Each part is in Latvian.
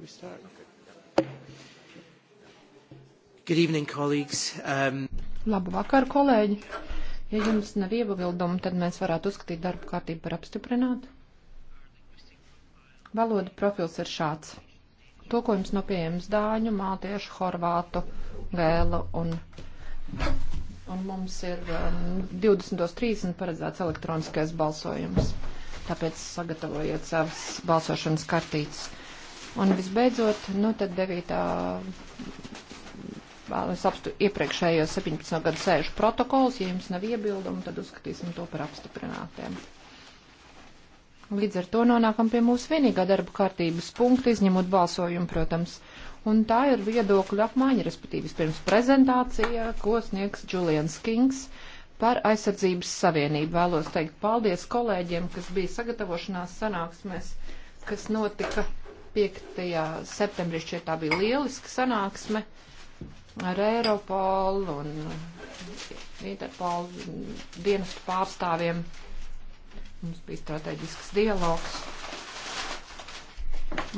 We start. Good evening, colleagues. Um... Labu vakaru, kolēģi. Ja jums nav iebildumu, tad mēs varētu uzskatīt darbu kārtību par apstiprinātu. Valodu profils ir šāds. Tūkojums nav no pieejams dāņu, mātiešu, horvātu, gēlu un un mums ir um, 20.30 paredzēts elektroniskais balsojums. Tāpēc sagatavojiet savas balsošanas kartītes. Un visbeidzot, nu tad 9 vēlos apstu iepriekšējo 17. gadu sēžu protokols. Ja jums nav iebildumu, tad uzskatīsim to par apstiprinātiem. Līdz ar to nonākam pie mūsu vienīgā darba kārtības punkta, izņemot balsojumu, protams. Un tā ir viedokļu apmaiņa, respektīvi pirms prezentācija, ko sniegs Julians Kings par aizsardzības savienību. Vēlos teikt paldies kolēģiem, kas bija sagatavošanās sanāksmēs, kas notika 5. septembrī šķiet tā bija lieliska sanāksme ar Eiropolu un Interpolu dienestu pārstāvjiem. Mums bija strateģisks dialogs.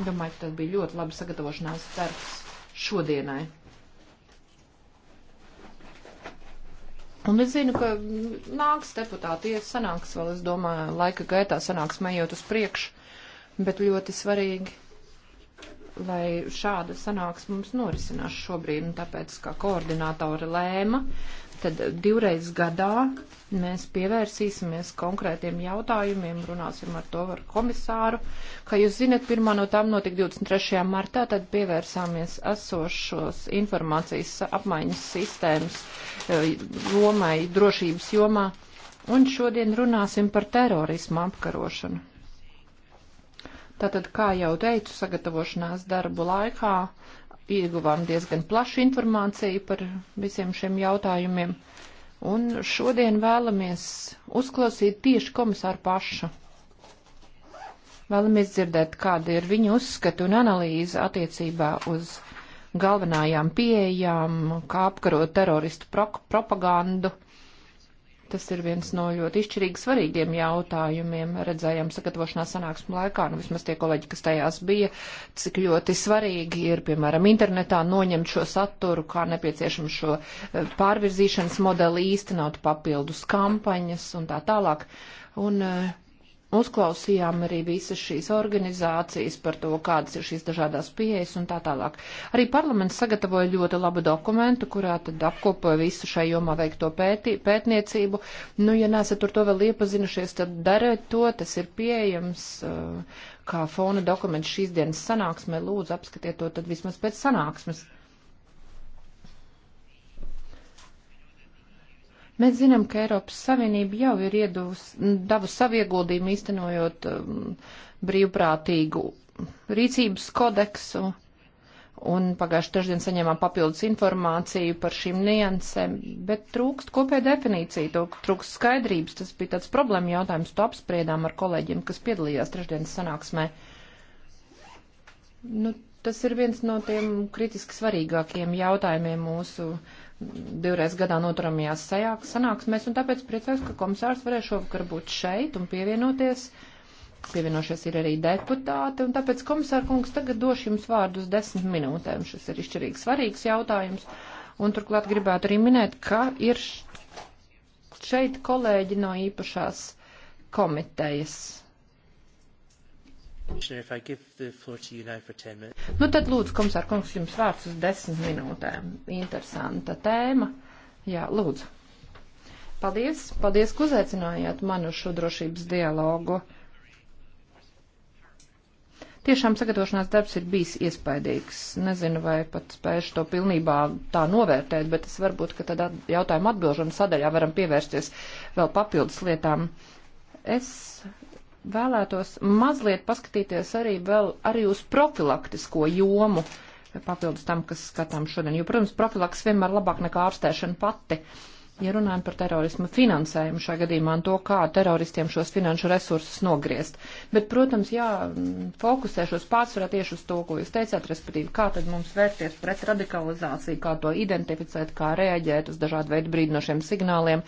Domāju, ka tas bija ļoti labi sagatavošanās darbs šodienai. Un es zinu, ka nāks deputāti, ja sanāks vēl, es domāju, laika gaitā sanāks mējot uz priekšu, bet ļoti svarīgi lai šāda sanāks mums norisinās šobrīd, un tāpēc, kā koordinātori lēma, tad divreiz gadā mēs pievērsīsimies konkrētiem jautājumiem, runāsim ar to ar komisāru. Kā jūs zinat, pirmā no tām notika 23. martā, tad pievērsāmies esošos informācijas apmaiņas sistēmas eh, jomai, drošības jomā, un šodien runāsim par terorismu apkarošanu. Tātad, kā jau teicu, sagatavošanās darbu laikā ieguvām diezgan plašu informāciju par visiem šiem jautājumiem. Un šodien vēlamies uzklausīt tieši komisāru pašu. Vēlamies dzirdēt, kāda ir viņa uzskata un analīze attiecībā uz galvenajām pieejām, kā apkarot teroristu pro propagandu Tas ir viens no ļoti izšķirīgi svarīgiem jautājumiem. Redzējām sagatavošanās sanāksmu laikā, nu vismaz tie kolēģi, kas tajās bija, cik ļoti svarīgi ir, piemēram, internetā noņemt šo saturu, kā nepieciešams šo eh, pārvirzīšanas modeli īstenot papildus kampaņas un tā tālāk. Un, uh, Uzklausījām arī visas šīs organizācijas par to, kādas ir šīs dažādās pieejas un tā tālāk. Arī parlaments sagatavoja ļoti labu dokumentu, kurā tad apkopoja visu šai jomā veikto pēti, pētniecību. Nu, ja nesat ar to vēl iepazinušies, tad dariet to, tas ir pieejams uh, kā fona dokuments šīs dienas sanāksmē. Lūdzu, apskatiet to tad vismaz pēc sanāksmes. Mēs zinām, ka Eiropas Savienība jau ir iedavus, davusi savu ieguldījumu īstenojot um, brīvprātīgu rīcības kodeksu, un pagājuši trešdien saņēmām papildus informāciju par šīm niansēm, bet trūkst kopēja definīcija, to trūkst skaidrības, tas bija tāds problēma jautājums, to apspriedām ar kolēģiem, kas piedalījās trešdienas sanāksmē. Nu, Tas ir viens no tiem kritiski svarīgākiem jautājumiem mūsu divreiz gadā noturamajās sanāksmēs, un tāpēc priecājos, ka komisārs varēs šovakar būt šeit un pievienoties. Pievienošies ir arī deputāti, un tāpēc komisāra kungs tagad došu jums vārdu uz desmit minūtēm. Šis ir izšķirīgi svarīgs jautājums, un turklāt gribētu arī minēt, ka ir šeit kolēģi no īpašās komitejas Nu tad lūdzu, komisār kungs, jums vārds uz desmit minūtēm. Interesanta tēma. Jā, lūdzu. Paldies, paldies, ka uzaicinājāt mani uz šo drošības dialogu. Tiešām sagatavošanās darbs ir bijis iespaidīgs. Nezinu, vai pat spēšu to pilnībā tā novērtēt, bet es varbūt, ka tad jautājumu atbilžu un sadaļā varam pievērsties vēl papildus lietām. Es vēlētos mazliet paskatīties arī vēl arī uz profilaktisko jomu papildus tam, kas skatām šodien. Jo, protams, profilaks vienmēr labāk nekā ārstēšana pati. Uh, Ja runājam par terorismu finansējumu šā gadījumā un to, kā teroristiem šos finanšu resursus nogriezt. Bet, protams, jā, fokusēšos pārsvarā tieši uz to, ko jūs teicāt, respektīvi, kā tad mums vērties pret radikalizāciju, kā to identificēt, kā reaģēt uz dažādu veidu brīdinošiem signāliem,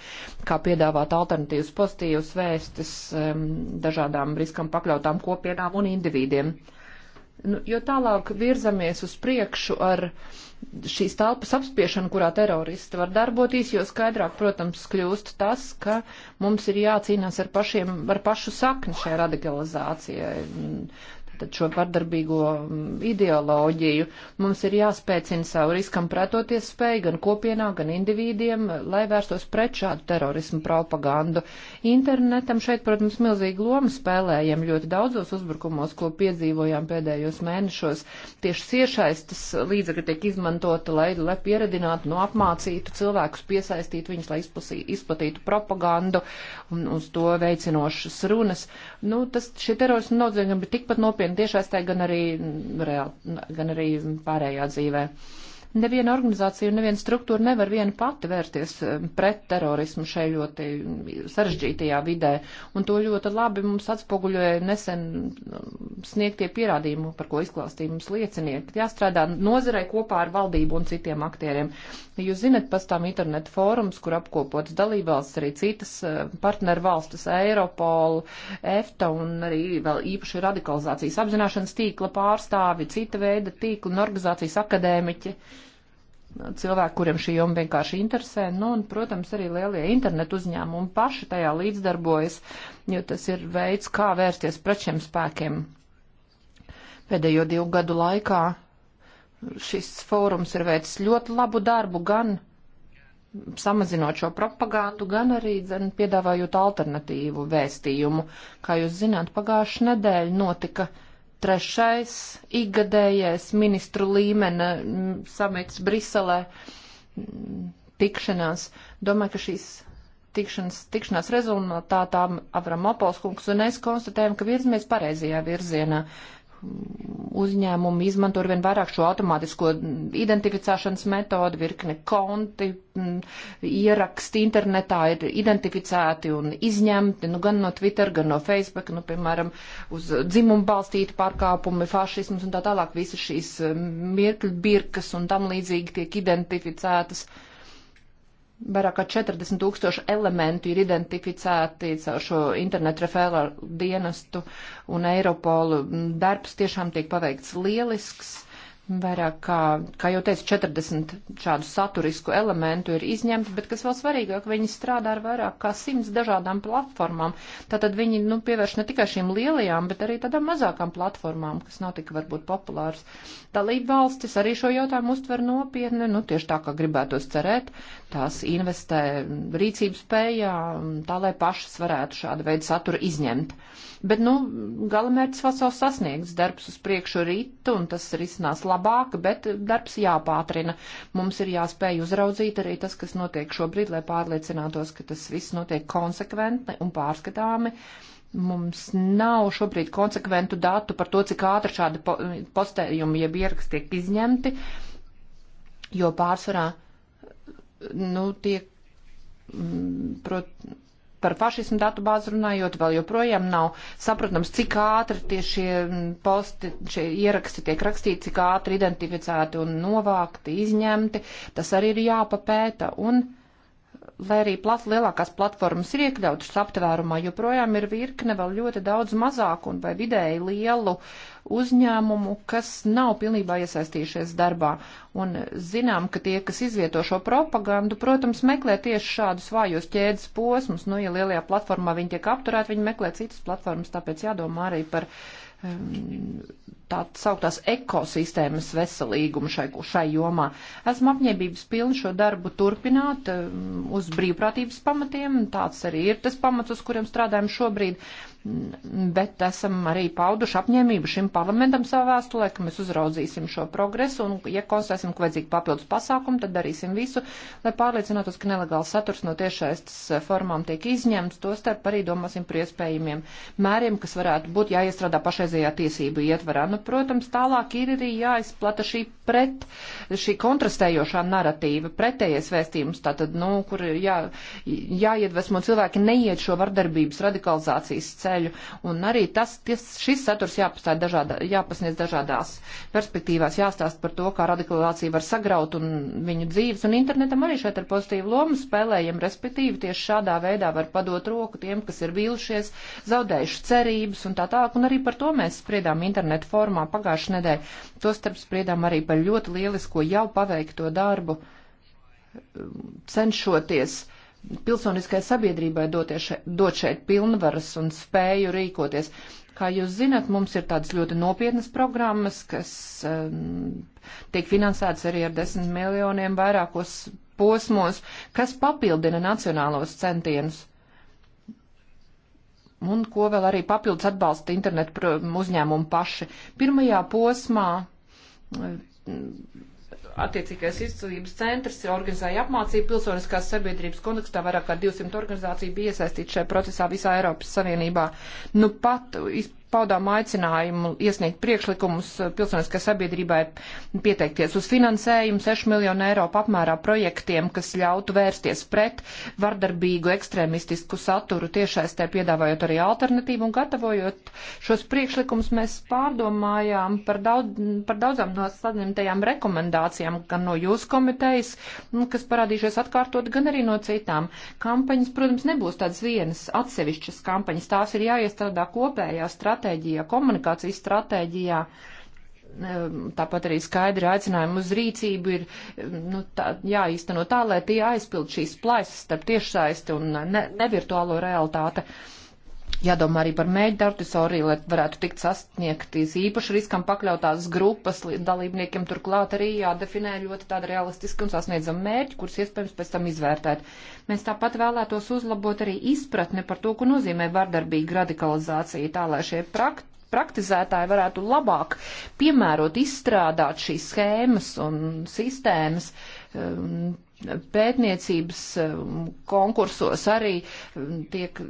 kā piedāvāt alternatīvas pozitīvas vēstis um, dažādām riskam pakļautām kopienām un individiem. Nu, jo tālāk virzamies uz priekšu ar. Uh, šīs telpas apspiešana, kurā teroristi var darboties, jo skaidrāk, protams, kļūst tas, ka mums ir jācīnās ar, pašiem, ar pašu sakni šai radikalizācijai šo vardarbīgo mm, ideoloģiju. Mums ir jāspēcina savu riskam pretoties spēju gan kopienā, gan individiem, lai vērstos pret šādu terorismu propagandu. Internetam šeit, protams, milzīgu lomu spēlējam ļoti daudzos uzbrukumos, ko piedzīvojām pēdējos mēnešos. Tieši siešaistas līdzekļi tiek izmantota, lai, lai pieredinātu, no apmācītu cilvēkus, piesaistītu viņus, lai izplasī, izplatītu propagandu un uz to veicinošas runas. Nu, tas, šie terorismu nodziegumi ir tikpat nopietni turpina tiešās te, gan arī, reāli, gan arī pārējā dzīvē. Neviena organizācija un neviena struktūra nevar viena pati vērties eh, pret terorismu šai ļoti sarežģītajā vidē. Un to ļoti labi mums atspoguļoja nesen mm, sniegtie pierādījumi, par ko izklāstīja mums liecinieki. Jāstrādā nozarei kopā ar valdību un citiem aktieriem. Jūs zinat, pastāv internet fórums, kur apkopots dalībvalsts arī citas eh, partneru valstis - Eiropolu, EFTA un arī vēl īpaši radikalizācijas apzināšanas tīkla pārstāvi, cita veida tīkla un organizācijas akadēmiķi. Uh, cilvēki, kuriem šī joma vienkārši interesē, nu, un, protams, arī lielie internetu uzņēmumi paši tajā līdzdarbojas, jo tas ir veids, kā vērsties pret šiem spēkiem. Pēdējo divu gadu laikā šis fórums ir veicis ļoti labu darbu, gan samazinot šo propagandu, gan arī dzen, piedāvājot alternatīvu vēstījumu. Kā jūs zināt, pagājušajā nedēļā notika uh, trešais ikgadējais ministru līmena mm, samits Briselē mm, tikšanās. Domāju, ka šīs tikšanas, tikšanās rezultātā Avram Opolskungs un es konstatējam, ka virzamies pareizajā virzienā uzņēmumi izmanto ar vien vairāk šo automātisko identificēšanas metodu, virkni konti, ieraksti internetā ir identificēti un izņemti, nu gan no Twitter, gan no Facebook, nu piemēram, uz dzimumu balstīti pārkāpumi, fašisms un tā tālāk, visas šīs mirkļu birkas un tam līdzīgi tiek identificētas. Uh, Vairāk kā 40 tūkstoši elementu ir identificēti caur šo internetu referālu dienestu un Eiropolu. Darbs tiešām tiek paveikts lielisks Vairāk kā, kā jau teicu, 40 šādu saturisku elementu ir izņemti, bet kas vēl svarīgāk, viņi strādā ar vairāk kā 100 dažādām platformām. Tātad viņi nu, pievērš ne tikai šīm lielajām, bet arī tādām mazākām platformām, kas nav tik varbūt populāras. Dalība valstis arī šo jautājumu uztver nopietni, nu tieši tā, kā gribētos cerēt, tās investē rīcības spējā, tā lai pašas varētu šādu veidu saturu izņemt. Bet, nu, galamērķis vēl savu sasniegts, darbs uz priekšu rītu, un tas ir iznās labi labāk, bet darbs jāpātrina. Mums ir jāspēj uzraudzīt arī tas, kas notiek šobrīd, lai pārliecinātos, ka tas viss notiek konsekventi un pārskatāmi. Mums nav šobrīd konsekventu datu par to, cik ātri šādi postējumi, jeb ieraksti tiek izņemti, jo pārsvarā, nu, tiek, mm, prot, par fašismu datu bāzi runājot, vēl joprojām nav saprotams, cik ātri tieši šie posti, šie ieraksti tiek rakstīti, cik ātri identificēti un novākti, izņemti. Tas arī ir jāpapēta. Un lai arī plat, lielākās platformas ir iekļautas aptvērumā, joprojām ir virkne vēl ļoti daudz mazāku un vai vidēji lielu uzņēmumu, kas nav pilnībā iesaistījušies darbā. Un zinām, ka tie, kas izvieto šo propagandu, protams, meklē tieši šādus vājos ķēdes posmus. Nu, ja lielajā platformā viņi tiek apturēti, viņi meklē citas platformas, tāpēc jādomā arī par uh, tā sauktās ekosistēmas veselīgumu šai, šai jomā. Esmu apņēmības pilni šo darbu turpināt uz brīvprātības pamatiem, tāds arī ir tas pamats, uz kuriem strādājam šobrīd bet esam arī pauduši apņēmību šim parlamentam savā vēstulē, ka mēs uzraudzīsim šo progresu un, ja konstatēsim, ka vajadzīgi papildus pasākumu, tad darīsim visu, lai pārliecinātos, ka nelegāls saturs no tiešaistas formām tiek izņemts, to starp arī domāsim par iespējamiem mēriem, kas varētu būt jāiestrādā pašreizējā tiesību ietvarā. Nu, protams, tālāk ir arī jāizplata šī pret, šī kontrastējošā naratīva, pretējais vēstījums, tātad, nu, kur ir jā, jāiedvesmo cilvēki neiet šo vardarbības radikalizācijas ceļu ceļu, un arī tas, ties, šis saturs dažādā, jāpasniedz dažādās perspektīvās, jāstāst par to, kā radikalizācija var sagraut un viņu dzīves, un internetam arī šeit ar pozitīvu lomu spēlējam, respektīvi tieši šādā veidā var padot roku tiem, kas ir vīlušies, zaudējuši cerības un tā tālāk, un arī par to mēs spriedām internetu formā pagājušajā nedēļā. Tostarp spriedām arī par ļoti lielisko jau paveikto darbu, um, cenšoties uh, pilsoniskai sabiedrībai doties, dot šeit pilnvaras un spēju rīkoties. Kā jūs zinat, mums ir tādas ļoti nopietnas programmas, kas um, tiek finansētas arī ar desmit miljoniem vairākos posmos, kas papildina nacionālos centienus. Un ko vēl arī papildus atbalsta internetu uzņēmumu paši. Pirmajā posmā um, attiecīgais izcīnības centrs organizēja apmācību pilsoniskās sabiedrības kontekstā. Vairāk kā 200 organizāciju bija iesaistīti šajā procesā visā Eiropas Savienībā. Nu pat iz, paudām aicinājumu iesniegt priekšlikumus eh, pilsoniskai sabiedrībai pieteikties uz finansējumu 6 miljonu eiro apmērā projektiem, kas ļautu vērsties pret vardarbīgu ekstrēmistisku saturu tiešaistē, piedāvājot arī alternatīvu un gatavojot šos priekšlikumus, mēs pārdomājām par, daudz, par daudzām no saņemtajām rekomendācijām, gan no jūsu komitejas, nu, kas parādījušies atkārtot, gan arī no citām. Kampaņas, protams, nebūs tādas vienas atsevišķas kampaņas, tās ir jāiestrādā kopējā stratēģija stratēģijā, komunikācijas stratēģijā. Tāpat arī skaidri aicinājumi uz rīcību ir nu, tā, jāīsteno tā, lai tie aizpild šīs plaisas starp tiešsaisti un ne, nevirtuālo realitāti. Ne Jādomā arī par mēģinājumu, lai varētu tikt sasniegtīs īpaši riskam pakļautās grupas dalībniekiem. Turklāt arī jādefinē ļoti tāda realistiska un sasniedzama mērķa, kurus iespējams pēc tam izvērtēt. Mēs tāpat vēlētos uzlabot arī izpratni par to, ko nozīmē vardarbīga radikalizācija, tā lai šie prakti praktizētāji varētu labāk piemērot, izstrādāt šīs schēmas un sistēmas, um, pētniecības um, konkursos arī um, tiek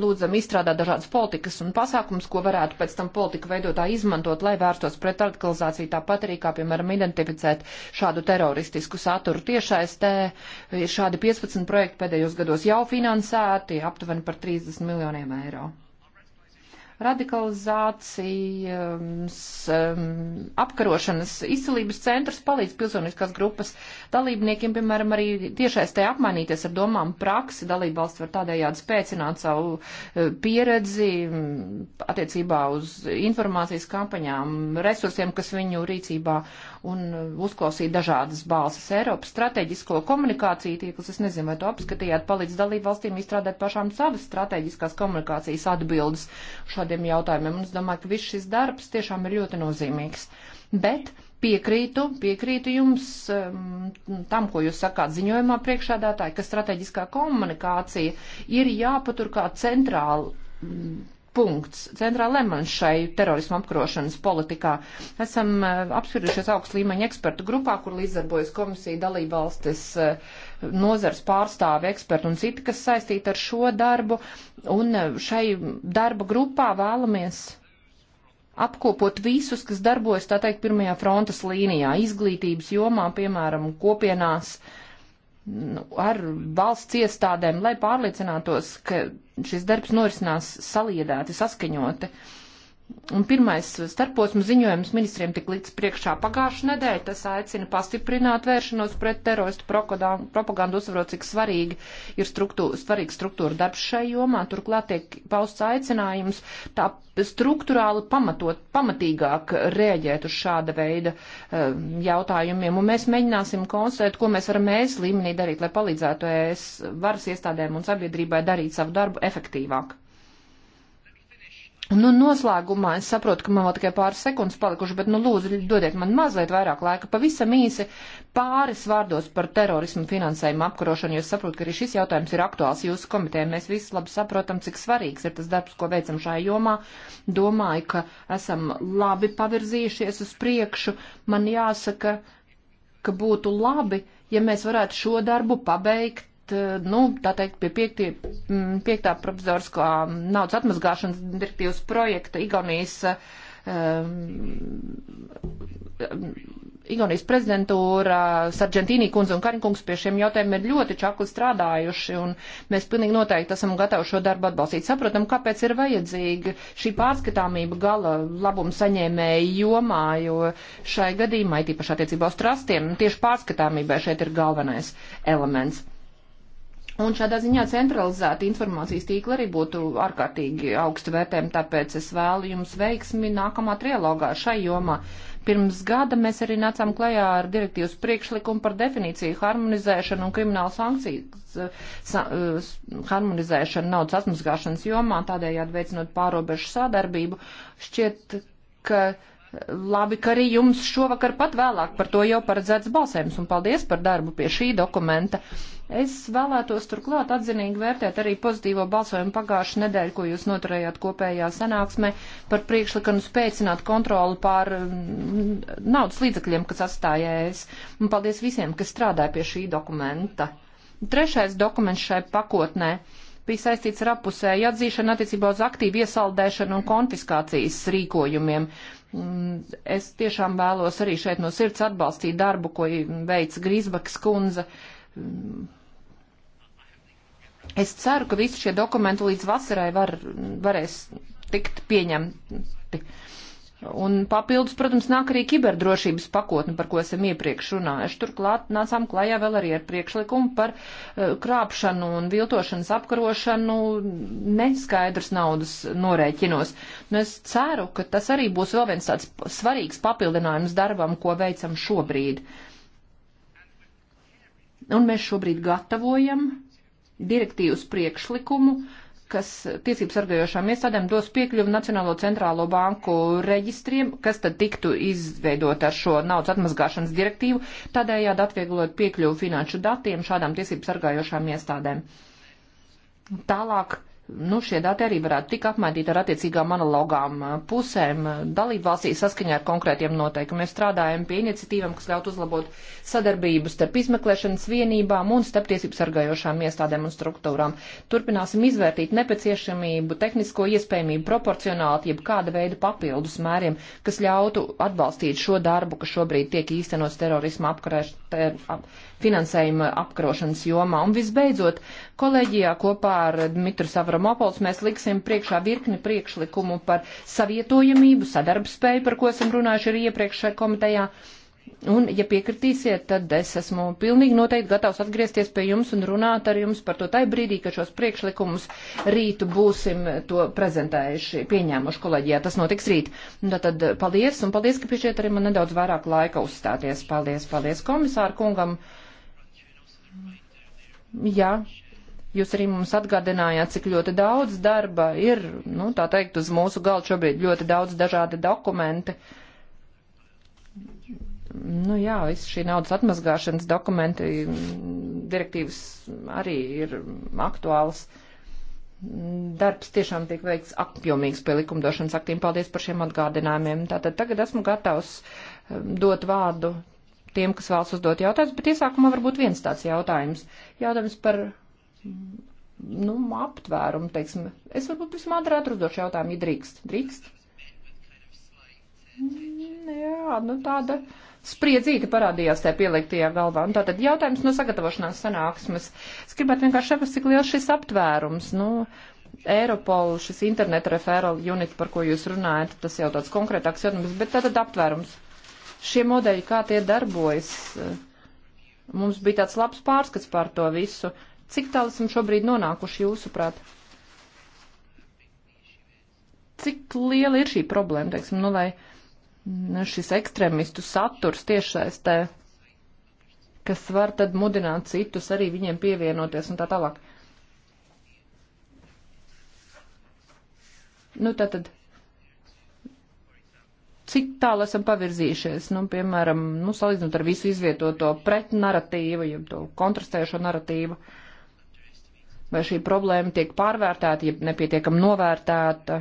lūdzam izstrādāt dažādas politikas un pasākums, ko varētu pēc tam politika veidotāji izmantot, lai vērstos pret radikalizāciju, tāpat arī, kā piemēram, identificēt šādu teroristisku saturu. Tiešais te ir šādi 15 projekti pēdējos gados jau finansēti, aptuveni par 30 miljoniem eiro radikalizācijas um, apkarošanas izcelības centrs palīdz pilsoniskās grupas dalībniekiem, piemēram, arī tiešais te apmainīties ar domām praksi. Dalība valsts var tādējādi spēcināt savu uh, pieredzi mm, attiecībā uz informācijas kampaņām, resursiem, kas viņu rīcībā un uh, uzklausīt dažādas balsis. Eiropas strateģisko komunikāciju tīklus, es nezinu, vai to apskatījāt, palīdz dalību valstīm izstrādāt pašām savas strateģiskās komunikācijas atbildes šādiem jautājumiem. Un es domāju, ka viss šis darbs tiešām ir ļoti nozīmīgs. Bet Piekrītu, piekrītu jums um, tam, ko jūs sakāt ziņojumā priekšādātāji, ka strateģiskā komunikācija ir jāpatur kā centrāla mm, punkts, centrāla elements šai terorismu apkarošanas politikā. Esam eh, apspriedušies augstu līmeņu ekspertu grupā, kur līdzdarbojas komisija, dalībvalstis, eh, nozars pārstāvi, eksperti un citi, kas saistīti ar šo darbu. Un eh, šai darba grupā vēlamies apkopot visus, kas darbojas, tā teikt, pirmajā frontes līnijā, izglītības jomā, piemēram, kopienās. Uh, Nu, ar valsts iestādēm, lai pārliecinātos, ka šis darbs norisinās saliedēti, saskaņoti. Uh, Un pirmais starposmu ziņojums ministriem tik līdz priekšā pagājušajā nedēļā. Tas aicina pastiprināt vēršanos pret teroristu propagandu, uzsverot, cik svarīgi ir struktūra, svarīgi struktūra darbs šai jomā. Turklāt tiek pausts aicinājums tā struktūrāli pamatot, pamatīgāk rēģēt uz šāda veida eh, jautājumiem. Un mēs mēģināsim konstatēt, ko mēs varam mēs līmenī darīt, lai palīdzētu es varas iestādēm un sabiedrībai darīt savu darbu efektīvāk. Nu, noslēgumā es saprotu, ka man vēl tikai pāris sekundes palikuši, bet, nu, lūdzu, dodiet man mazliet vairāk laika, pavisam īsi pāris vārdos par terorismu finansējumu apkarošanu, jo es saprotu, ka arī šis jautājums ir aktuāls jūsu komitē. Mēs visi labi saprotam, cik svarīgs ir tas darbs, ko veicam šajā jomā. Domāju, ka esam labi pavirzījušies uz priekšu. Man jāsaka, ka būtu labi, ja mēs varētu šo darbu pabeigt Eh, nu, tā teikt, pie piektie, mm, piektā provizoriskā naudas atmazgāšanas direktīvas projekta Igaunijas, um, Igaunijas prezidentūra, Sargentīnī kundze un Kariņkungs pie šiem jautājumiem ir ļoti čakli strādājuši, un mēs pilnīgi noteikti esam gatavi šo darbu atbalstīt. Saprotam, kāpēc ir vajadzīga šī pārskatāmība gala labuma saņēmēja jomā, jo šai gadījumā, tīpaši attiecībā uz trastiem, tieši pārskatāmībai šeit ir galvenais elements. Un šādā ziņā centralizēta informācijas tīkla arī būtu ārkārtīgi augstu vērtējama, tāpēc es vēlu jums veiksmi nākamā trialogā šai jomā. Pirms gada mēs arī nācām klajā ar direktīvas priekšlikumu par definīciju harmonizēšanu un kriminālu sankciju eh, sa, eh, harmonizēšanu naudas atmazgāšanas jomā, tādējādi veicinot pārobežu sadarbību. Šķiet, ka eh, labi, ka arī jums šovakar pat vēlāk par to jau paredzēts balsējums, un paldies par darbu pie šī dokumenta. Es vēlētos turklāt atzinīgi vērtēt arī pozitīvo balsojumu pagājušu nedēļu, ko jūs noturējāt kopējā sanāksmē par priekšlikumu spēcināt kontroli pār mm, naudas līdzakļiem, kas atstājējas. Un paldies visiem, kas strādāja pie šī dokumenta. Trešais dokuments šai pakotnē bija saistīts ar apusēju atzīšanu attiecībā uz aktīvu iesaldēšanu un konfiskācijas rīkojumiem. Mm, es tiešām vēlos arī šeit no sirds atbalstīt darbu, ko veica Grīsbakas kundze mm, Es ceru, ka visi šie dokumenti līdz vasarai var, varēs tikt pieņemti. Un papildus, protams, nāk arī kiberdrošības pakotne, par ko esam iepriekš runājuši. Turklāt nācām klajā vēl arī ar priekšlikumu par eh, krāpšanu un viltošanas apkarošanu neskaidrs naudas norēķinos. Nu, es ceru, ka tas arī būs vēl viens tāds svarīgs papildinājums darbam, ko veicam šobrīd. Un mēs šobrīd gatavojam direktīvas priekšlikumu, kas tiesību sargājošām iestādēm dos piekļuvu Nacionālo centrālo banku reģistriem, kas tad tiktu izveidot ar šo naudas atmazgāšanas direktīvu, tādējādi atvieglot piekļuvu finanšu datiem šādām tiesību sargājošām iestādēm. Tālāk nu, šie dati arī varētu tik apmainīt ar attiecīgām analogām uh, pusēm uh, dalību valstīs saskaņā ar konkrētiem noteikumiem. Mēs strādājam pie iniciatīvām, kas ļaut uzlabot sadarbību starp izmeklēšanas vienībām un starp tiesību sargājošām iestādēm un struktūrām. Turpināsim izvērtīt nepieciešamību, tehnisko iespējamību, proporcionāli, jeb kāda veida papildus mēriem, kas ļautu atbalstīt šo darbu, kas šobrīd tiek īstenots terorisma apkarēšanas. Ter, ap, finansējuma apkarošanas jomā. Un visbeidzot, kolēģijā kopā ar Dmitru Savramopols mēs liksim priekšā virkni priekšlikumu par savietojamību, sadarbspēju, par ko esam runājuši arī iepriekšējā komitejā. Un, ja piekritīsiet, tad es esmu pilnīgi noteikti gatavs atgriezties pie jums un runāt ar jums par to tajā brīdī, ka šos priekšlikumus rītu būsim to prezentējuši, pieņēmuši kolēģijā. Tas notiks rīt. Nu, tad, tad paldies, un paldies, ka piešķiet arī man nedaudz vairāk laika uzstāties. Paldies, paldies komisāru kungam. Jā, Jūs arī mums atgādinājāt, cik ļoti daudz darba ir, nu, tā teikt, uz mūsu galda šobrīd ļoti daudz dažādi dokumenti. Nu jā, viss šī naudas atmazgāšanas dokumenti, direktīvas arī ir aktuāls. Darbs tiešām tiek veikts apjomīgs pie likumdošanas aktiem. Paldies par šiem atgādinājumiem. Tātad tagad esmu gatavs um, dot vārdu tiem, kas vēlas uzdot jautājumus, bet iesākumā varbūt viens tāds jautājums. Jautājums par, nu, aptvērumu, teiksim. Es varbūt vismaz drētu uzdošu jautājumu, ja drīkst. Drīkst? Mm, jā, nu tāda spriedzīte parādījās tajā pieliktajā galvā. Un nu, tātad jautājums no sagatavošanās sanāksmes. Es gribētu vienkārši saprast, cik liels šis aptvērums. Nu, Eiropol, šis internet referral unit, par ko jūs runājat, tas jau tāds konkrētāks jautājums, bet tātad aptvērums šie modeļi, kā tie darbojas. Mums bija tāds labs pārskats pār to visu. Cik tālu esam šobrīd nonākuši jūsuprāt? Cik liela ir šī problēma, teiksim, nu, lai šis ekstremistu saturs tiešsaistē, kas var tad mudināt citus arī viņiem pievienoties un tā tālāk? Nu, tā tad cik tālu esam pavirzījušies, nu, piemēram, nu, salīdzinot ar visu izvietoto pretnaratīvu, jeb to kontrastējošo naratīvu, vai šī problēma tiek pārvērtēta, jeb nepietiekam novērtēta,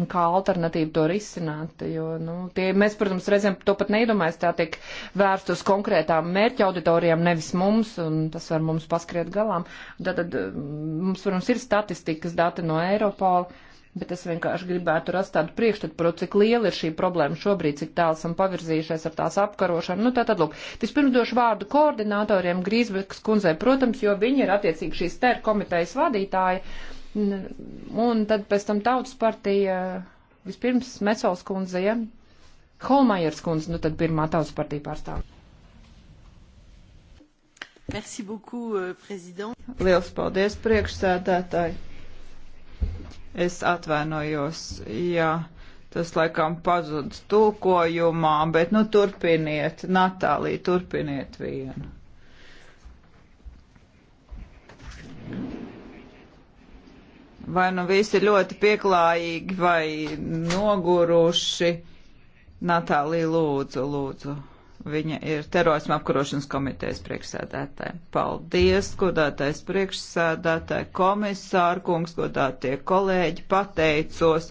un kā alternatīva to risināt, jo, nu, tie, mēs, protams, reizēm to pat neiedomājas, tā tiek vērst uz konkrētām mērķa auditorijām, nevis mums, un tas var mums paskriet galām. Tātad mm, mums, protams, ir statistikas dati no Eiropola bet es vienkārši gribētu rast tādu priekšstatu par to, cik liela ir šī problēma šobrīd, cik tālu esam pavirzījušies ar tās apkarošanu. Nu, tātad, lūk, vispirms došu vārdu koordinatoriem Grīsbekas kundzei, protams, jo viņi ir attiecīgi šīs ter komitejas vadītāji, un tad pēc tam tautas partija, vispirms Mecols kundze, ja? Holmajers kundze, nu tad pirmā tautas partija pārstāv. Merci beaucoup, euh, prezident. Liels paldies, priekšsēdētāji. Es atvainojos, ja tas laikam pazudis tulkojumā, bet nu turpiniet, Natālija, turpiniet vienu. Vai nu visi ļoti pieklājīgi vai noguruši? Natālija, lūdzu, lūdzu. Viņa ir terorisma apkarošanas komitejas priekšsēdētāja. Paldies, godātais priekšsēdētāja, komisāra kungs, godātie kolēģi, pateicos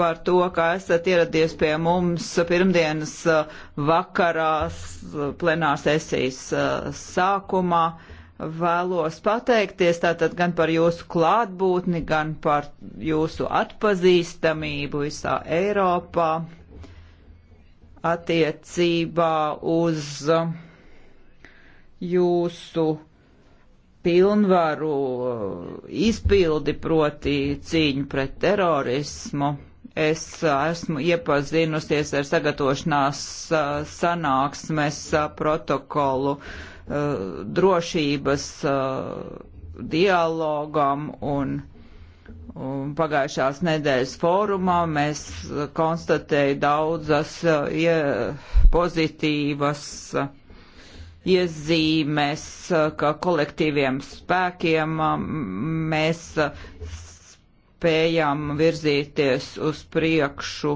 par to, ka esat ieradies pie mums pirmdienas uh, vakarā uh, plenārsesijas uh, sākumā. Vēlos pateikties tātad gan par jūsu klātbūtni, gan par jūsu atpazīstamību visā Eiropā attiecībā uz jūsu pilnvaru uh, izpildi proti cīņu pret terorismu. Es uh, esmu iepazinusies ar sagatavošanās uh, sanāksmes protokolu drošības dialogam un Pagājušās nedēļas fórumā mēs uh, konstatēju daudzas ja, uh, pozitīvas uh, iezīmes, ka kolektīviem spēkiem um, mēs spējam virzīties uz priekšu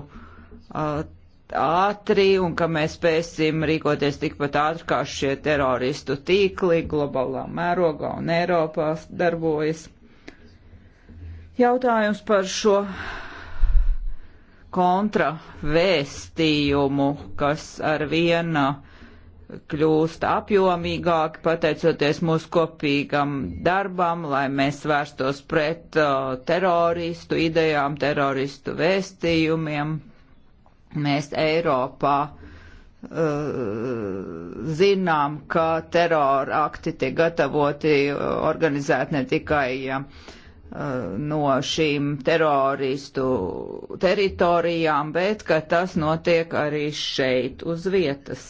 ātri un ka mēs spēsim rīkoties tikpat ātri, kā šie teroristu tīkli globālā mērogā un Eiropā darbojas. Jautājums par šo kontravēstījumu, kas ar viena kļūst apjomīgāki, pateicoties mūsu kopīgam darbam, lai mēs vērstos pret uh, teroristu idejām, teroristu vēstījumiem. Mēs Eiropā uh, zinām, ka terora akti tiek gatavoti, uh, organizēti ne tikai uh, no šīm teroristu teritorijām, bet ka tas notiek arī šeit uz vietas.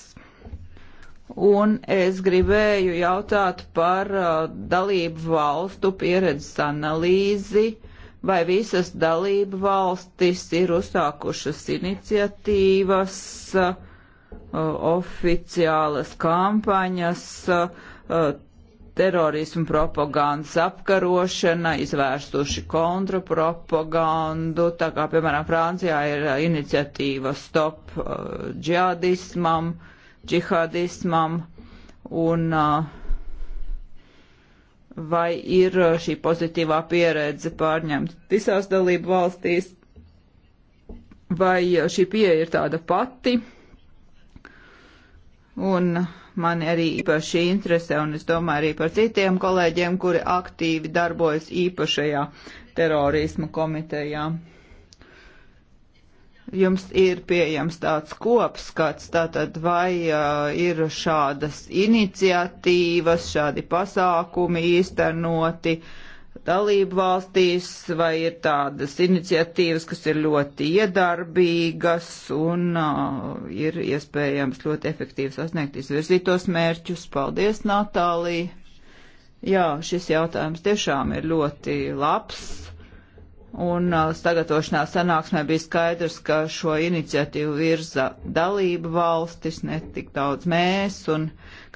Un es gribēju jautāt par uh, dalību valstu pieredzes analīzi, vai visas dalību valstis ir uzsākušas iniciatīvas, uh, oficiālas kampaņas, uh, terorismu propagandas apkarošana, izvērstuši kontrapropagandu, tā kā, piemēram, Francijā ir uh, iniciatīva Stop uh, džihadismam, džihadismam, un uh, vai ir šī pozitīvā pieredze pārņemta visās dalību valstīs, vai šī pieeja ir tāda pati Un mani arī īpaši interesē, un es domāju arī par citiem kolēģiem, kuri aktīvi darbojas īpašajā terorismu komitejā. Jums ir pieejams tāds kopskats, tātad vai uh, ir šādas iniciatīvas, šādi pasākumi īstenoti, uh, dalību valstīs, vai ir tādas iniciatīvas, kas ir ļoti iedarbīgas un uh, ir iespējams ļoti efektīvi sasniegt izvirzītos mērķus. Paldies, Natālija! Jā, šis jautājums tiešām ir ļoti labs Un uh, sagatavošanās sanāksmē bija skaidrs, ka šo iniciatīvu virza dalību valstis, ne tik daudz mēs, un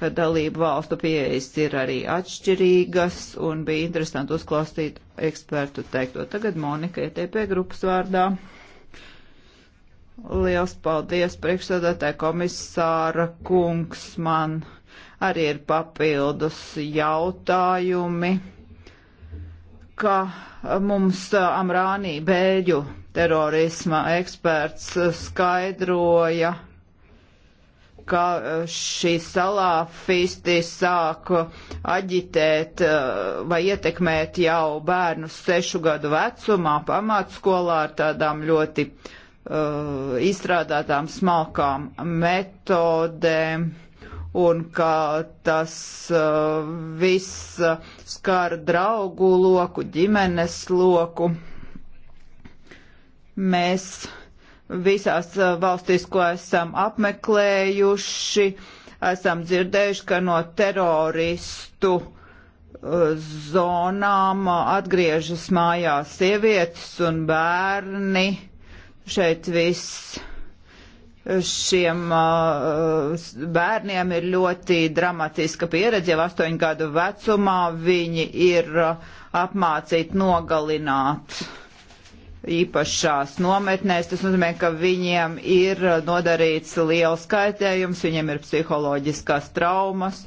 ka dalību valstu pieejas ir arī atšķirīgas, un bija interesanti uzklausīt ekspertu teikto. Tagad Monika ETP grupas vārdā. Liels paldies priekšsēdētāji komisāra kungs, man arī ir papildus jautājumi ka mums Amrānī bēļu terorisma eksperts skaidroja, ka šī salāfisti sāk aģitēt vai ietekmēt jau bērnus sešu gadu vecumā pamatskolā ar tādām ļoti uh, izstrādātām smalkām metodēm. Uh, un ka tas uh, viss uh, skar draugu loku, ģimenes loku. Mēs visās uh, valstīs, ko esam apmeklējuši, esam dzirdējuši, ka no teroristu zonām atgriežas mājās sievietes un bērni. Šeit viss šiem uh, bērniem ir ļoti dramatiska pieredze. Jau astoņu gadu vecumā viņi ir uh, apmācīti nogalināt īpašās nometnēs. Tas nozīmē, ka viņiem ir uh, nodarīts liels kaitējums, viņiem ir psiholoģiskās traumas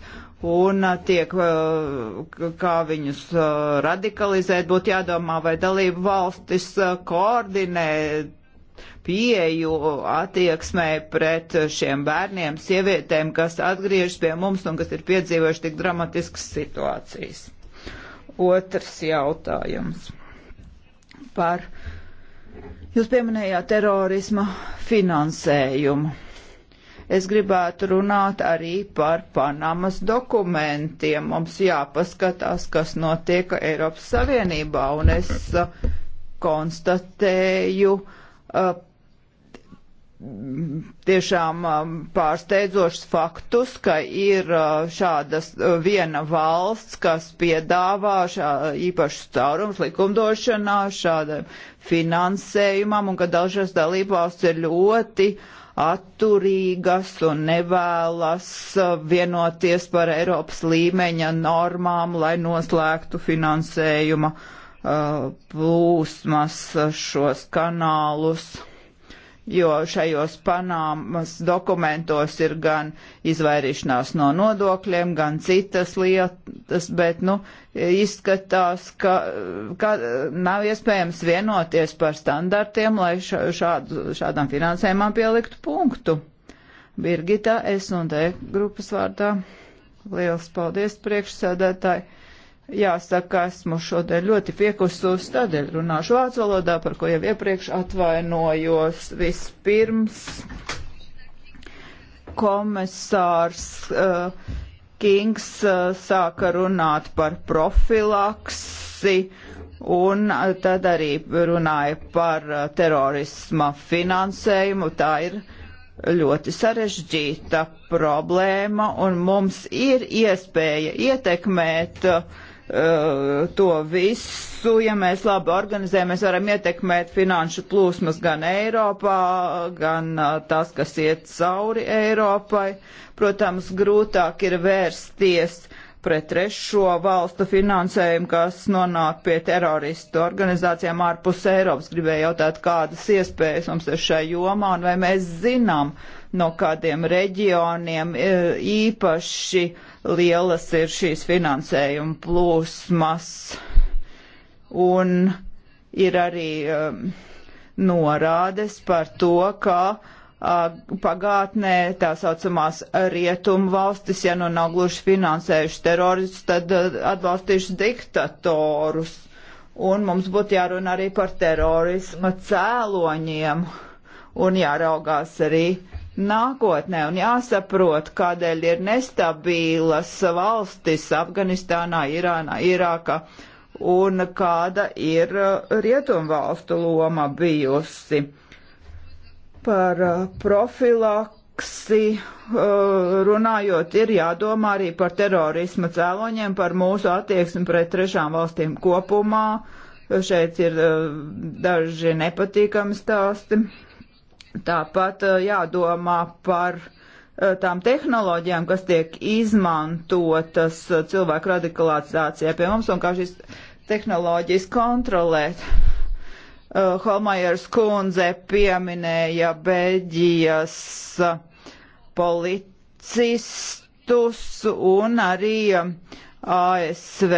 un uh, tiek, uh, kā viņus radikalizēt, būtu jādomā, vai dalību valstis koordinē pieju attieksmē pret šiem bērniem, sievietēm, kas atgriežas pie mums un kas ir piedzīvojuši tik dramatiskas situācijas. Otrs jautājums par. Jūs pieminējāt terorisma finansējumu. Es gribētu runāt arī par Panamas dokumentiem. Mums jāpaskatās, kas notiek Eiropas Savienībā, un es uh, konstatēju uh, tiešām um, pārsteidzošs faktus, ka ir uh, šādas uh, viena valsts, kas piedāvā šā īpašas caurums likumdošanā, šāda finansējumam, un ka dažas dalībvalsts ir ļoti atturīgas un nevēlas uh, vienoties par Eiropas līmeņa normām, lai noslēgtu finansējuma uh, plūsmas šos kanālus. Uh, jo šajos Panāmas dokumentos ir gan izvairīšanās no nodokļiem, gan citas lietas, bet, nu, izskatās, ka, ka nav iespējams vienoties par standartiem, lai šādu, šādām finansējumam pieliktu punktu. Birgita, S un D grupas vārdā. Liels paldies priekšsēdētāji. Jāsaka, esmu šodien ļoti piekusus, tādēļ runāšu vācu valodā, par ko jau iepriekš atvainojos. Vispirms komisārs uh, Kings uh, sāka runāt par profilaksi un uh, tad arī runāja par uh, terorisma finansējumu. Tā ir ļoti sarežģīta problēma un mums ir iespēja ietekmēt uh, Eh, to visu, ja mēs labi organizējam, mēs varam ietekmēt finanšu plūsmas gan Eiropā, gan eh, tas, kas iet cauri Eiropai. Protams, grūtāk ir vērsties pret trešo valstu finansējumu, kas nonāk pie teroristu organizācijām ārpus Eiropas. Gribēju jautāt, kādas iespējas mums ir šai jomā un vai mēs zinām, no kādiem reģioniem eh, īpaši uh, lielas ir šīs finansējuma plūsmas. Un ir arī um, norādes par to, ka uh, pagātnē tā saucamās rietumu valstis, ja nu nav gluži finansējuši teroristus, tad uh, atbalstījuši diktatorus. Un mums būtu jārunā arī par terorisma cēloņiem un jāraugās arī uh, nākotnē un jāsaprot, kādēļ ir nestabīlas valstis Afganistānā, Irānā, Irākā un kāda ir uh, rietumvalstu loma bijusi par uh, profilaksi. Uh, runājot, ir jādomā arī par terorisma cēloņiem, par mūsu attieksmi pret trešām valstīm kopumā. Šeit ir daži nepatīkami stāsti Tāpat eh, jādomā par eh, tām tehnoloģijām, kas tiek izmantotas eh, cilvēku radikalizācijā pie mums un kā šīs tehnoloģijas kontrolēt. Uh, Holmajers kundze pieminēja Beļģijas policistus un arī ASV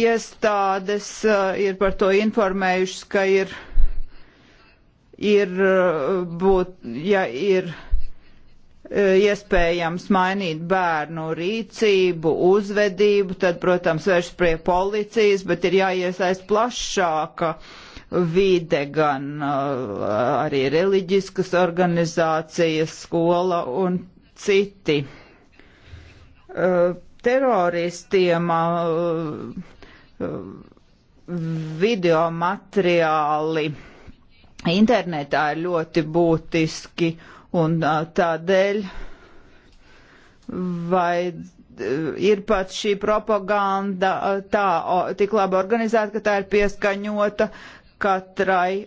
iestādes uh, ir par to informējušas, ka ir uh, ir uh, būt, ja ir uh, iespējams mainīt bērnu rīcību, uzvedību, tad, protams, vērš pie policijas, bet ir jāiesaist plašāka vide, gan uh, arī reliģiskas organizācijas, skola un citi. Teroristiem video materiāli internetā ir ļoti būtiski un tādēļ vai ir pat šī propaganda tā, tik labi organizēta, ka tā ir pieskaņota katrai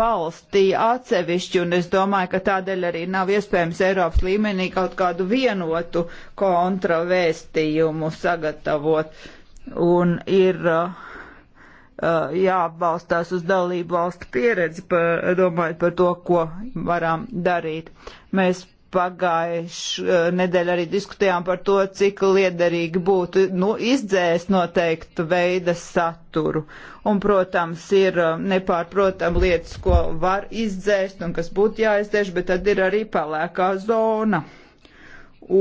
valstī atsevišķi, un es domāju, ka tādēļ arī nav iespējams Eiropas līmenī kaut kādu vienotu kontravēstījumu sagatavot. Un ir uh, Uh, jābalstās uz dalību valstu pieredzi, par, domājot par to, ko varam darīt. Mēs pagājuši uh, nedēļu arī diskutējām par to, cik liederīgi būtu nu, izdzēst noteiktu veida saturu. Un, protams, ir uh, nepārprotam lietas, ko var izdzēst un kas būtu jāizdzēš, bet tad ir arī palēkā zona.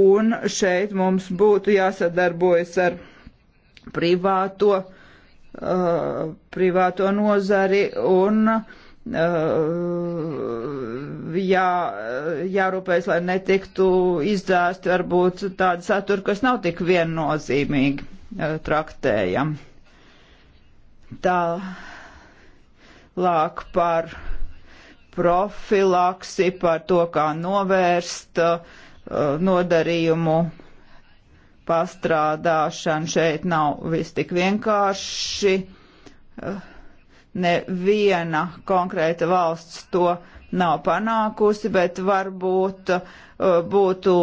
Un šeit mums būtu jāsadarbojas ar privāto uh, uh, privāto nozari un uh, jā, jārūpējas, lai netiktu izdzēsti varbūt tādi saturi, kas nav tik viennozīmīgi uh, traktējami. Tā lāk par profilaksi, par to, kā novērst uh, nodarījumu pastrādāšanu. Šeit nav viss tik vienkārši. Eh, neviena konkrēta valsts to nav panākusi, bet varbūt eh, būtu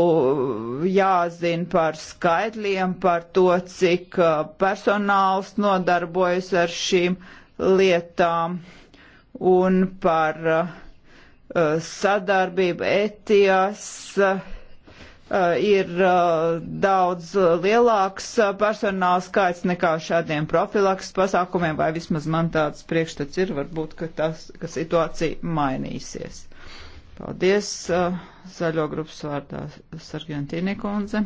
jāzina par skaitļiem, par to, cik eh, personāls nodarbojas ar šīm lietām un par sadarbību etijas Eh, ir eh, daudz eh, lielāks personāla skaits nekā šādiem profilaks pasākumiem, vai vismaz man tāds priekšstats ir, varbūt, ka, tas, ka situācija mainīsies. Paldies, zaļo grupas vārdā Sargentīni kundze.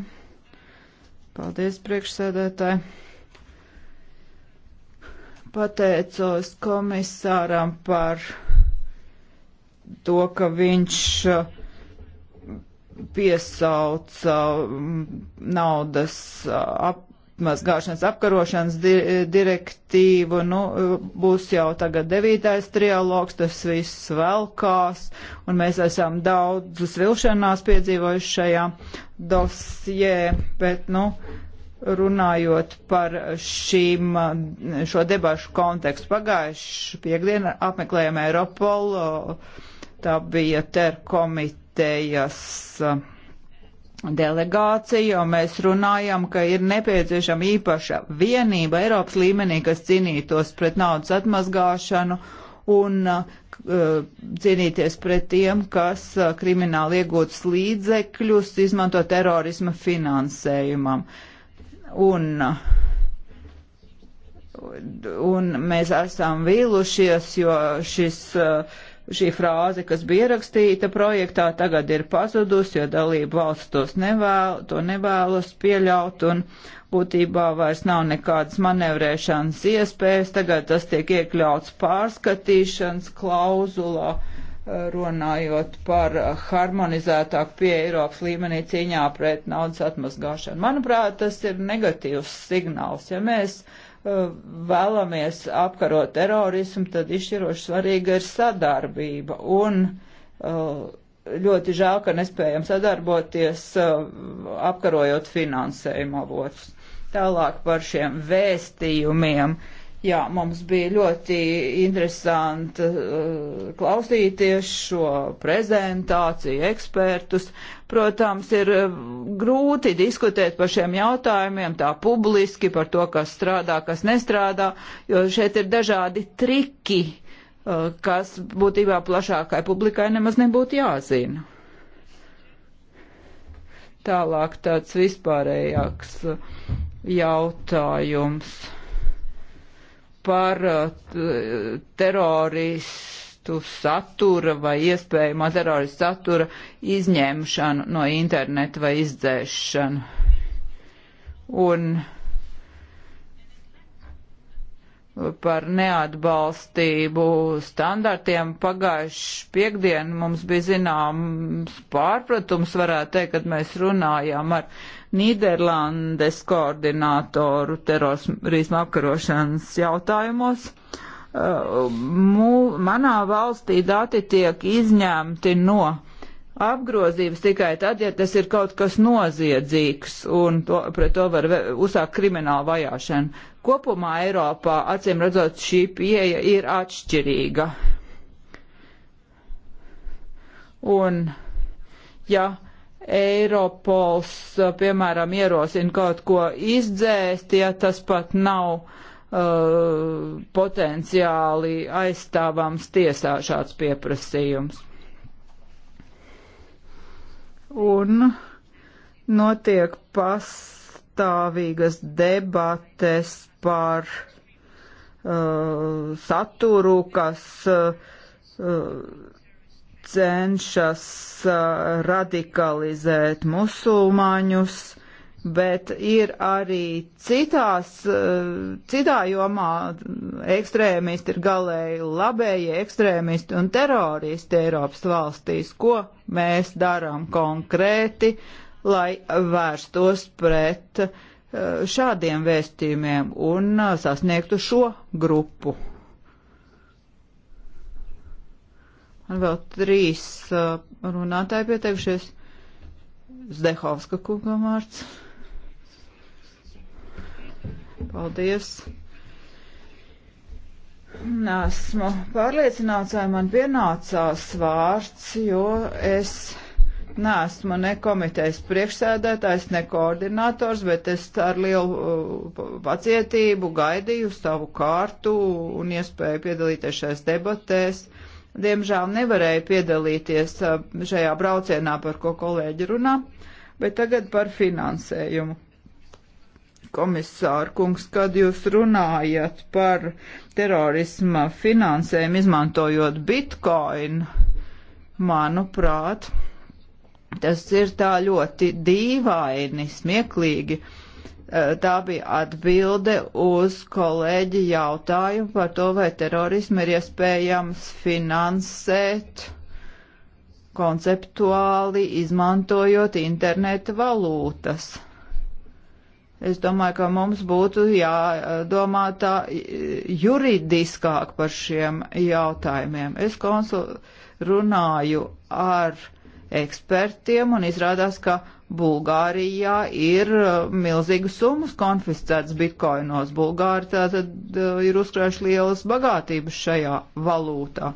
Paldies, priekšsēdētāji. Pateicos komisāram par to, ka viņš uh, piesauca mm, naudas ap, mazgāšanas apkarošanas di direktīvu, nu, būs jau tagad devītais trialogs, tas viss velkās, un mēs esam daudzus vilšanās piedzīvojuši šajā dosjē, bet, nu, runājot par šīm, šo debašu kontekstu pagājuši piekdienu apmeklējām Eiropolu, tā bija ter komiteja komitejas uh, delegāciju, jo mēs runājam, ka ir nepieciešama īpaša vienība Eiropas līmenī, kas cīnītos pret naudas atmazgāšanu un uh, uh, cīnīties pret tiem, kas krimināli iegūtas līdzekļus izmanto terorisma finansējumam. Un un mēs esam vīlušies, jo šis šī frāze, kas bija ierakstīta projektā, tagad ir pazudusi, jo dalību valsts tos nevēl, to nevēlas pieļaut un būtībā vairs nav nekādas manevrēšanas iespējas. Tagad tas tiek iekļauts pārskatīšanas klauzulā, eh, runājot par eh, harmonizētāku pie Eiropas līmenī cīņā pret naudas atmazgāšanu. Manuprāt, tas ir negatīvs signāls, ja mēs uh, vēlamies apkarot terorismu, tad izšķiroši svarīga ir sadarbība. Un uh, ļoti žēl, ka nespējam sadarboties uh, apkarojot finansējumu avotus. Tālāk par šiem vēstījumiem. Uh, Jā, mums bija ļoti interesanti uh, klausīties šo prezentāciju, ekspertus. Protams, ir uh, grūti diskutēt par šiem jautājumiem tā publiski, par to, kas strādā, kas nestrādā, jo šeit ir dažādi triki, uh, kas būtībā plašākai publikai nemaz nebūtu jāzina. Tālāk tāds vispārējāks uh, jautājums par uh, teroristu satura vai iespējamā terorista satura izņemšanu no interneta vai izdzēšanu. Un par neatbalstību standartiem. Pagājuši piekdien mums bija zināms pārpratums, varētu teikt, kad mēs runājām ar Nīderlandes koordinātoru terorismu apkarošanas jautājumos. Uh, Mū, manā valstī dati tiek izņemti no apgrozības tikai tad, ja tas ir kaut kas noziedzīgs un to, pret to var uzsākt kriminālu vajāšanu. Kopumā Eiropā, acīm redzot, šī pieeja ir atšķirīga. Un, ja Eiropols, uh, piemēram, ierosina kaut ko izdzēst, ja tas pat nav uh, potenciāli aizstāvams tiesā šāds pieprasījums. Un notiek pastāvīgas debates par uh, saturu, kas uh, cenšas uh, radikalizēt musulmaņus, bet ir arī citās, uh, citā jomā ekstrēmisti ir galēji labējie ekstrēmisti un teroristi Eiropas valstīs. Ko mēs darām konkrēti, lai vērstos pret uh, šādiem vēstījumiem un sasniegtu šo grupu? Un vēl trīs uh, runātāji pieteikušies. Zdehovska kungam vārds. Paldies. Nesmu pārliecināts, vai man pienācās vārds, jo es neesmu ne komitejas priekšsēdētājs, ne koordinators, bet es ar lielu uh, pacietību gaidīju savu kārtu un iespēju piedalīties šajās debatēs diemžēl nevarēja piedalīties šajā braucienā, par ko kolēģi runā, bet tagad par finansējumu. Komisāra kungs, kad jūs runājat par terorisma finansējumu izmantojot bitcoin, manuprāt, tas ir tā ļoti dīvaini, smieklīgi Eh, tā bija atbilde uz kolēģi jautājumu par to, vai terorismu ir iespējams finansēt konceptuāli izmantojot interneta valūtas. Es domāju, ka mums būtu jādomā tā juridiskāk par šiem jautājumiem. Es konsul runāju ar ekspertiem un izrādās, ka uh, Bulgārijā ir uh, milzīgas summas konfiscētas bitkoinos. Bulgāri tātad uh, ir uzkrājuši lielas bagātības šajā valūtā.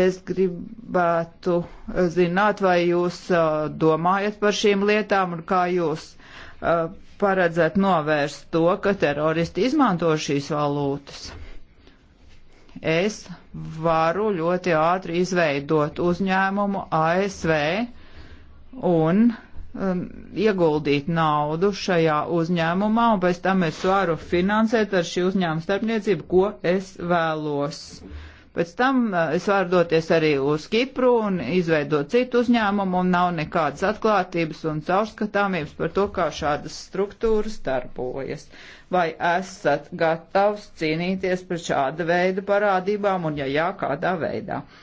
Es gribētu uh, zināt, vai jūs domājat par šīm lietām un kā jūs paredzat novērst to, ka teroristi izmanto šīs valūtas. Es varu ļoti ātri izveidot uzņēmumu ASV un um, ieguldīt naudu šajā uzņēmumā, un pēc tam es varu finansēt ar šī uzņēmuma starpniecību, ko es vēlos. Pēc tam uh, es varu doties arī uz Kipru un izveidot citu uzņēmumu, un nav nekādas atklātības un caurskatāmības par to, kā šādas struktūras darbojas. Vai esat gatavs cīnīties par šāda veida parādībām, un ja jā, kādā veidā? Uh,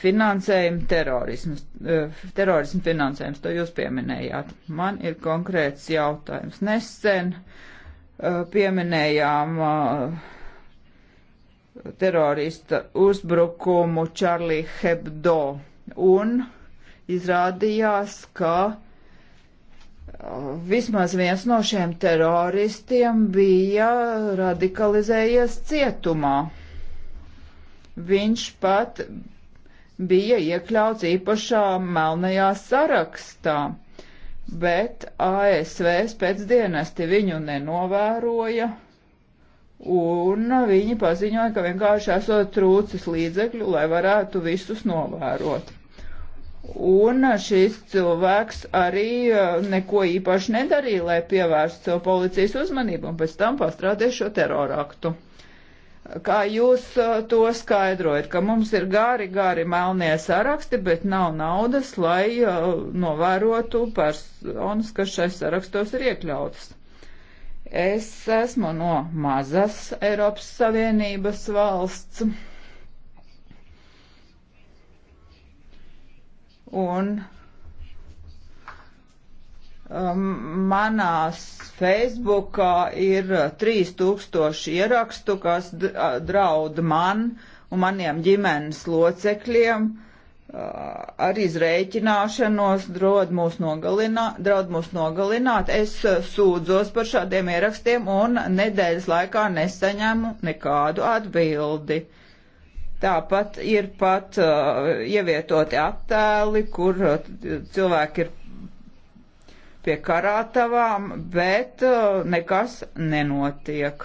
finansējumu terorismu, eh, terorismu finansējums, to jūs pieminējāt. Man ir konkrēts jautājums. Nesen eh, pieminējām eh, terorista uzbrukumu Čarlī Hebdo un izrādījās, ka vismaz viens no šiem teroristiem bija radikalizējies cietumā. Viņš pat bija iekļauts īpašā melnajā sarakstā, bet ASV spēcdienesti viņu nenovēroja, un viņi paziņoja, ka vienkārši esot trūcis līdzekļu, lai varētu visus novērot. Un šis cilvēks arī uh, neko īpaši nedarīja, lai pievērstu savu policijas uzmanību un pēc tam pastrādē šo teroraktu kā jūs uh, to skaidrojat, ka mums ir gari, gari melnie saraksti, bet nav naudas, lai uh, novērotu personas, kas šais sarakstos ir iekļautas. Es esmu no mazas Eiropas Savienības valsts. Un Um, manās Facebookā ir 3000 ierakstu, kas draud man un maniem ģimenes locekļiem ar izrēķināšanos draud mūs, nogalināt, draud mūs nogalināt. Es sūdzos par šādiem ierakstiem un nedēļas laikā nesaņemu nekādu atbildi. Tāpat ir pat uh, ievietoti attēli, kur cilvēki ir pie karātavām, bet uh, nekas nenotiek.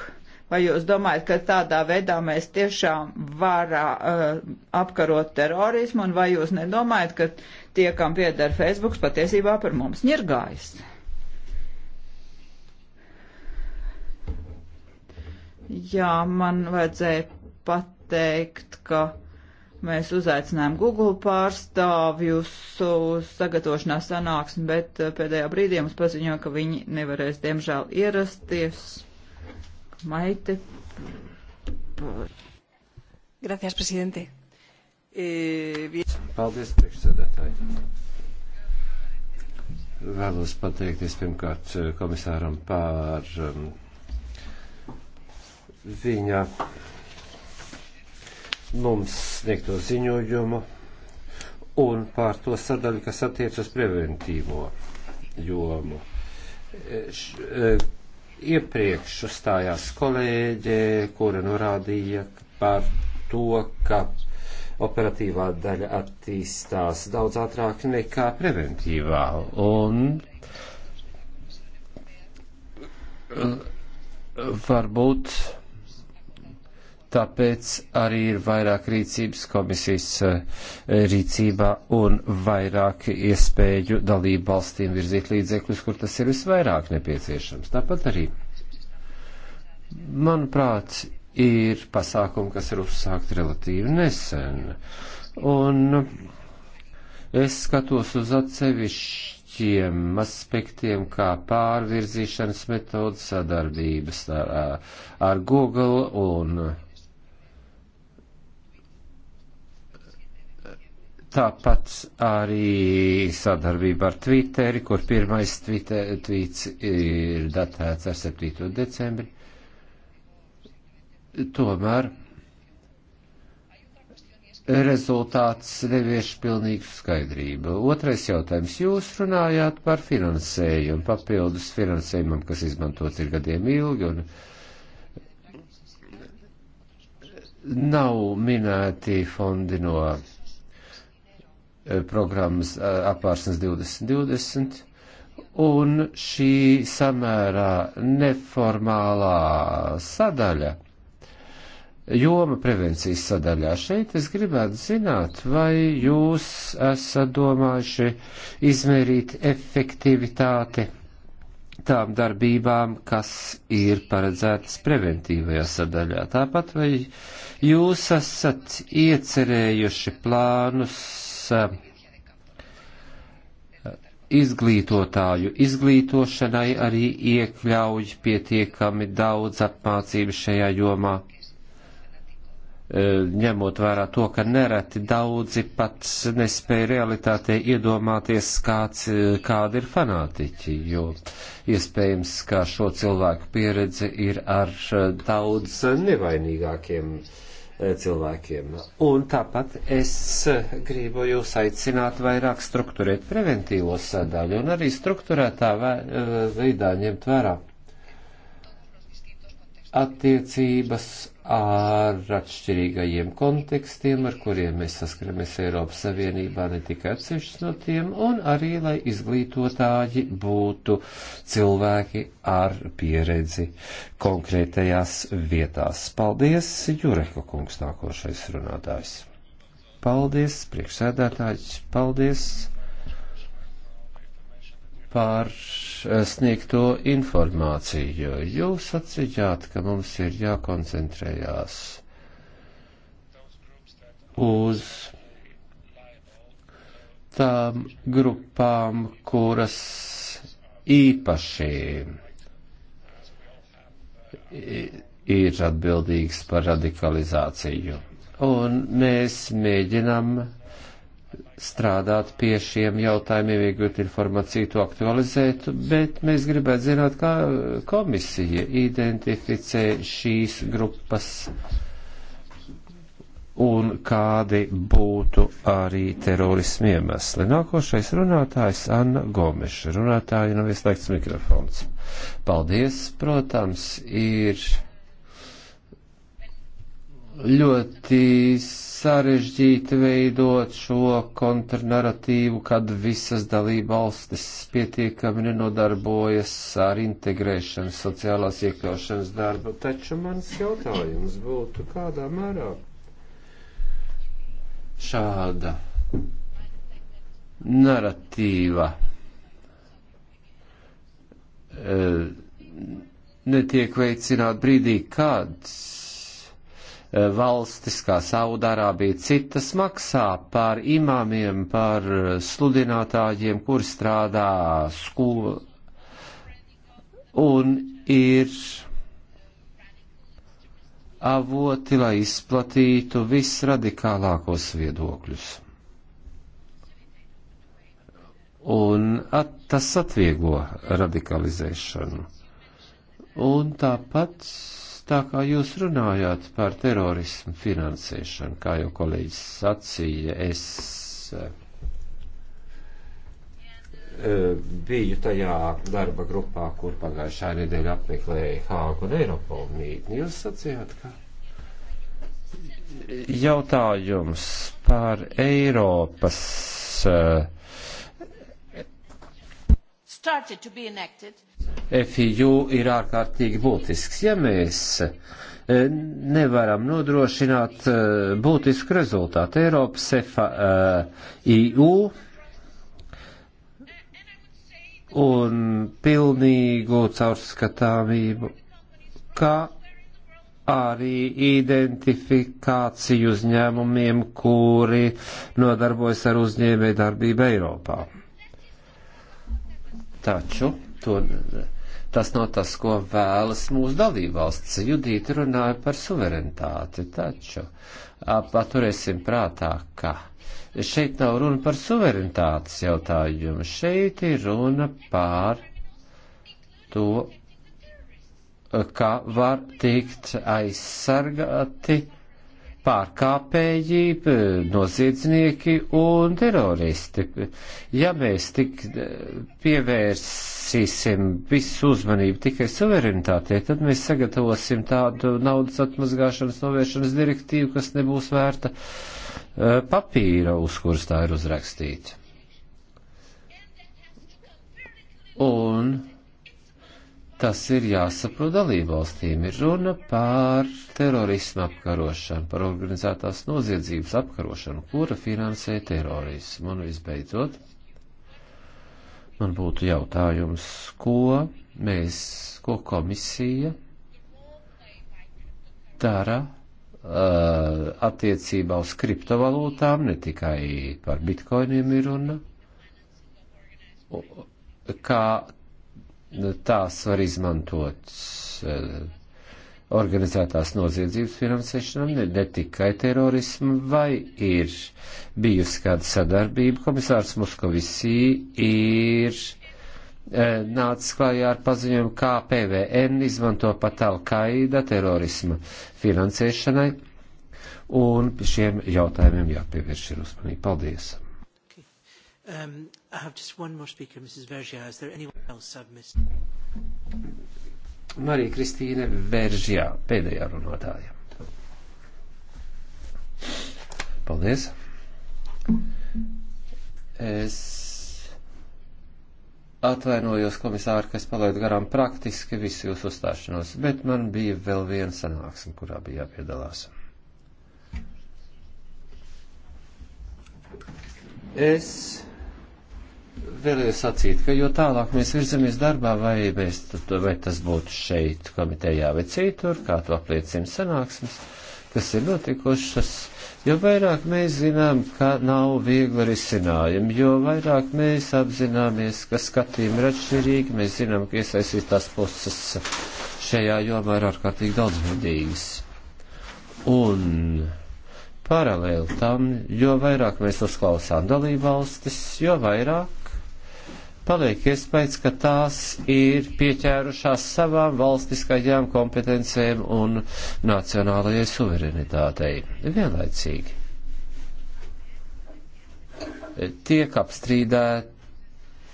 Vai jūs domājat, ka tādā veidā mēs tiešām varam uh, apkarot terorismu, un vai jūs nedomājat, ka tie, kam pieder Facebook, patiesībā par mums ņirgājas? Jā, man vajadzēja pateikt, ka. Mēs uzaicinājām Google pārstāvjus uz sagatavošanās sanāksmi, bet eh, pēdējā brīdī mums paziņo, ka viņi nevarēs, diemžēl, ierasties. Maite. Gracias, presidente. Eh, Paldies, priekšsēdētāji. Vēlos pateikties pirmkārt eh, komisāram par um, viņa mums sniegto ziņojumu un pār to sadaļu, kas attiec uz preventīvo jomu. E, š, e, iepriekš uzstājās kolēģe, kura norādīja par to, ka operatīvā daļa attīstās daudz ātrāk nekā preventīvā. Un e, varbūt tāpēc arī ir vairāk rīcības komisijas eh, rīcībā un vairāk iespēju dalību valstīm virzīt līdzekļus, kur tas ir visvairāk nepieciešams. Tāpat arī, manuprāt, ir pasākumi, kas ir uzsākti relatīvi nesen. Un es skatos uz atsevišķiem aspektiem, kā pārvirzīšanas metodas sadarbības ar, eh, ar Google un Tāpat arī sadarbība ar Twitteri, kur pirmais tvīts ir datēts ar 7. decembri. Tomēr rezultāts nevieš pilnīgu skaidrību. Otrais jautājums. Jūs runājāt par finansējumu, papildus finansējumam, kas izmantots ir gadiem ilgi un nav minēti fondi no Eh, programmas eh, apvārsnes 2020. Un šī samērā neformālā sadaļa, joma prevencijas sadaļā, šeit es gribētu zināt, vai jūs esat domājuši izmērīt efektivitāti tām darbībām, kas ir paredzētas preventīvajā sadaļā. Tāpat vai jūs esat iecerējuši plānus Uh, izglītotāju izglītošanai arī iekļauj pietiekami daudz apmācību šajā jomā, uh, ņemot vērā to, ka nereti daudzi pat nespēja realitātei iedomāties, kāds, uh, kādi ir fanātiķi, jo iespējams, ka šo cilvēku pieredze ir ar daudz nevainīgākiem uh, Eh, cilvēkiem. Un tāpat es eh, gribu jūs aicināt vairāk strukturēt preventīvo sadaļu un arī strukturētā eh, veidā ņemt vērā attiecības ar atšķirīgajiem kontekstiem, ar kuriem mēs saskaramies Eiropas Savienībā, ne tikai atsevišķi no tiem, un arī, lai izglītotāji būtu cilvēki ar pieredzi konkrētajās vietās. Paldies, Jureko kungs, nākošais runātājs. Paldies, priekšsēdētājs, paldies par sniegto informāciju. Jūs atsījāt, ka mums ir jākoncentrējās uz tām grupām, kuras īpaši ir atbildīgas par radikalizāciju. Un mēs mēģinam strādāt pie šiem jautājumiem, iegūt informāciju, to aktualizēt, bet mēs gribētu zināt, kā komisija identificē šīs grupas un kādi būtu arī terorismu iemesli. Nākošais runātājs Anna Gomeša. Runātāja nav ieslēgts mikrofons. Paldies, protams, ir ļoti sarežģīti veidot šo kontranaratīvu, kad visas dalība valstis pietiekami nenodarbojas ar integrēšanas, sociālās iekļaušanas darbu. Taču mans jautājums būtu, kādā mērā šāda naratīva eh, netiek veicināt brīdī, kāds Eh, valstis kā Saudārābija, citas maksā par imāmiem, par eh, sludinātājiem, kur strādā skolu. Un ir avoti, lai izplatītu visradikālākos viedokļus. Un at, tas atvieglo radikalizēšanu. Un tāpat Tā kā jūs runājāt par terorismu finansēšanu, kā jau kolēģis sacīja, es eh, biju tajā darba grupā, kur pagājušā nedēļa apmeklēja Hāgu un Eiropolu mītni. Jūs sacījāt, ka jautājums par Eiropas uh, FIU ir ārkārtīgi būtisks. Ja mēs e, nevaram nodrošināt e, būtisku rezultātu Eiropas FIU un pilnīgu caurskatāmību, kā arī identifikāciju uzņēmumiem, kuri nodarbojas ar uzņēmē darbību Eiropā. Taču to, tas nav tas, ko vēlas mūsu dalībvalsts. Judīti runāja par suverenitāti, taču paturēsim prātā, ka šeit nav runa par suverenitātes jautājumu, šeit ir runa par to, kā var tikt aizsargāti pārkāpēji, noziedznieki un teroristi. Ja mēs tik pievērsīsim visu uzmanību tikai suverenitātei, tad mēs sagatavosim tādu naudas atmazgāšanas novēršanas direktīvu, kas nebūs vērta e, papīra, uz kuras tā ir uzrakstīta. Un Tas ir jāsaprot dalībvalstīm. Ir runa par terorismu apkarošanu, par organizētās noziedzības apkarošanu, kura finansē terorismu. Un visbeidzot, man būtu jautājums, ko mēs, ko komisija dara uh, attiecībā uz kriptovalūtām, ne tikai par bitkoiniem ir runa, kā tās var izmantot eh, organizētās noziedzības finansēšanām, ne, ne tikai terorismu, vai ir bijusi kāda sadarbība. Komisārs Muskovisī ir e, nācis klājā ar paziņojumu, kā PVN izmanto pat Al-Qaida terorisma finansēšanai, un šiem jautājumiem jāpievērš ir uzmanība. Paldies! Um, I have just one more speaker, Mrs. Vergia. Is there anyone else I've missed? Marija Kristīne Veržjā, pēdējā runātāja. Paldies. Es atvainojos, komisāri, ka es palaidu garām praktiski visu jūsu uzstāšanos, bet man bija vēl viena sanāksme, kurā bija jāpiedalās. Es vēlēju sacīt, ka jo tālāk mēs virzamies darbā, vai, mēs, vai tas būtu šeit komitejā vai citur, kā to apliecina sanāksmes, kas ir notikušas, jo vairāk mēs zinām, ka nav viegli risinājumi, jo vairāk mēs apzināmies, ka skatījumi ir atšķirīgi, mēs zinām, ka iesaistītās puses šajā jomā ir ārkārtīgi daudzveidīgas. Un paralēli tam, jo vairāk mēs uzklausām dalībvalstis, jo vairāk paliek iespējas, ka tās ir pieķērušās savām valstiskajām kompetencēm un nacionālajai suverenitātei. Vienlaicīgi tiek apstrīdēt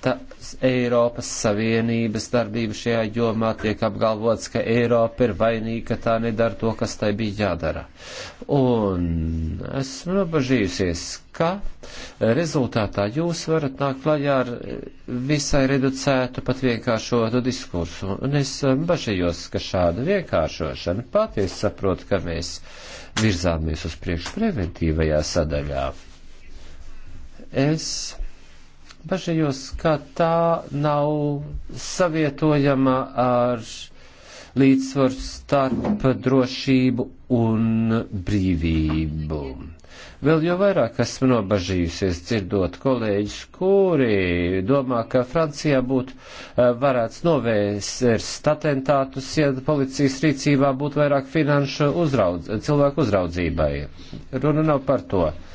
tas Eiropas Savienības darbība šajā jomā tiek apgalvots, ka Eiropa ir vainīga, ka tā nedara to, kas tai bija jādara. Un esmu nobažījusies, ka rezultātā jūs varat nākt klajā ar visai reducētu, pat vienkāršotu diskursu. Un es um, bažījos, ka šāda vienkāršošana patiesi saprot, ka mēs virzāmies uz priekšu preventīvajā sadaļā. Es bažījos, ka tā nav savietojama ar līdzsvaru starp drošību un brīvību. Vēl jau vairāk esmu nobažījusies dzirdot kolēģis, kuri domā, ka Francijā būtu eh, varēts novērst atentātus, ja policijas rīcībā būtu vairāk finanšu uzraudz, cilvēku uzraudzībai. Runa nav par to. Uh,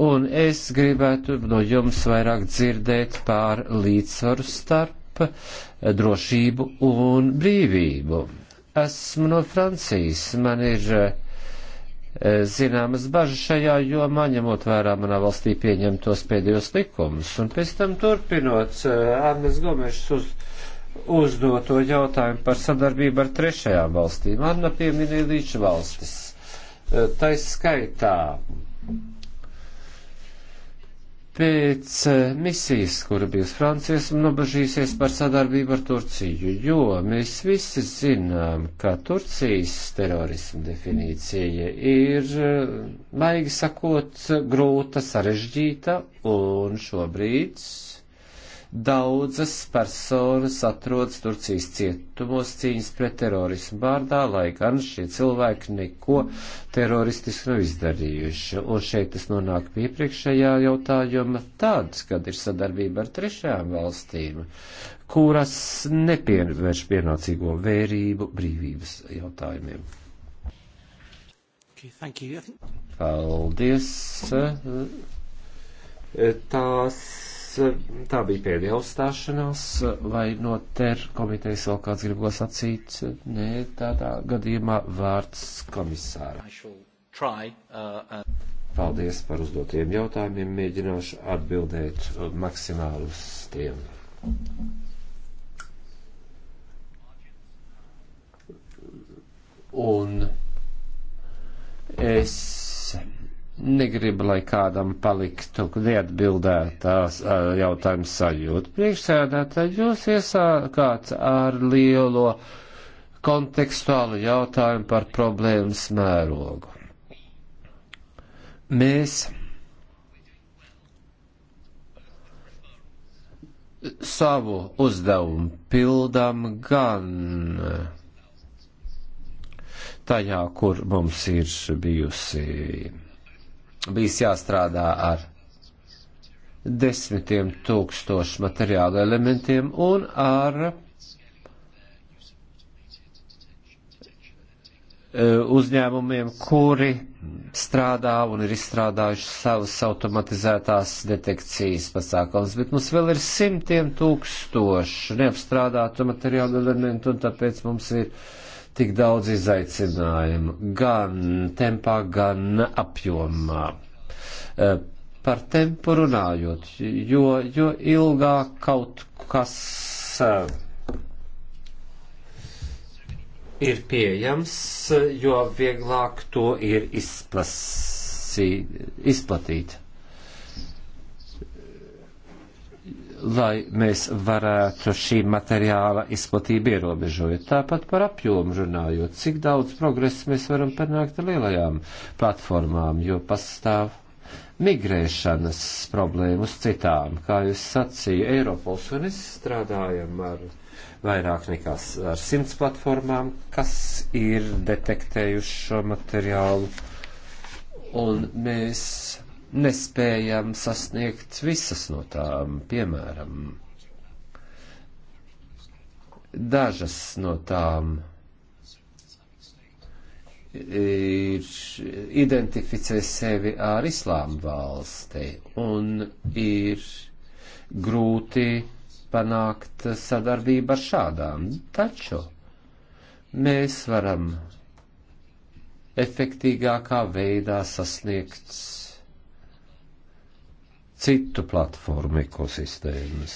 Un es gribētu no jums vairāk dzirdēt pār līdzsvaru starp drošību un brīvību. Esmu no Francijas, man ir e, zināmas bažas šajā jomā, ņemot vērā manā valstī pieņemtos pēdējos likumus. Un pēc tam turpinot e, Annes Gomešas uz, uzdoto jautājumu par sadarbību ar trešajām valstīm. Anna pieminēja līdz valstis. E, Taisa skaitā pēc eh, misijas, kura bija uz Francijas, un nobežīsies par sadarbību ar Turciju, jo mēs visi zinām, ka Turcijas terorisma definīcija ir, maigi eh, sakot, grūta, sarežģīta, un šobrīd Daudzas personas atrodas Turcijas cietumos cīņas pret terorismu bārdā, lai gan šie cilvēki neko teroristiski nav izdarījuši. Un šeit es nonāku pie priekšējā jautājuma tāds, kad ir sadarbība ar trešajām valstīm, kuras nepievērš pienācīgo vērību brīvības jautājumiem. Paldies. Tās Eh, tā bija pēdējā uzstāšanās, vai eh, no TER komitejas vēl kāds grib ko sacīt? Nē, tādā gadījumā vārds komisāra. Try, uh, uh... Paldies par uzdotiem jautājumiem. Mēģināšu atbildēt eh, maksimāli uz tiem. Un es negribu, lai kādam paliktu neatbildētās jautājums sajūta. Priekšsēdētāji, jūs iesākāt ar lielo kontekstuālu jautājumu par problēmas mērogu. Mēs savu uzdevumu pildām gan tajā, kur mums ir bijusi bijis jāstrādā ar desmitiem tūkstošu materiālu elementiem un ar e, uzņēmumiem, kuri strādā un ir izstrādājuši savas automatizētās detekcijas pasākums, bet mums vēl ir simtiem tūkstošu neapstrādātu materiālu elementu, un tāpēc mums ir uh, tik daudz izaicinājumu gan tempā, gan apjomā. E, par tempu runājot, jo, jo ilgāk kaut kas e, ir pieejams, jo vieglāk to ir izplasīt, izplatīt. lai mēs varētu šī materiāla izplatību ierobežot. Tāpat par apjomu runājot, cik daudz progresu mēs varam panākt ar lielajām platformām, jo pastāv migrēšanas problēmas citām. Kā jūs sacīju, Eiropols un es strādājam ar vairāk nekā ar simts platformām, kas ir detektējuši šo materiālu. Un mēs nespējam sasniegt visas no tām, piemēram, dažas no tām ir identificē sevi ar islāma valsti un ir grūti panākt sadarbību ar šādām. Taču mēs varam efektīgākā veidā sasniegt citu platformu ekosistēmas.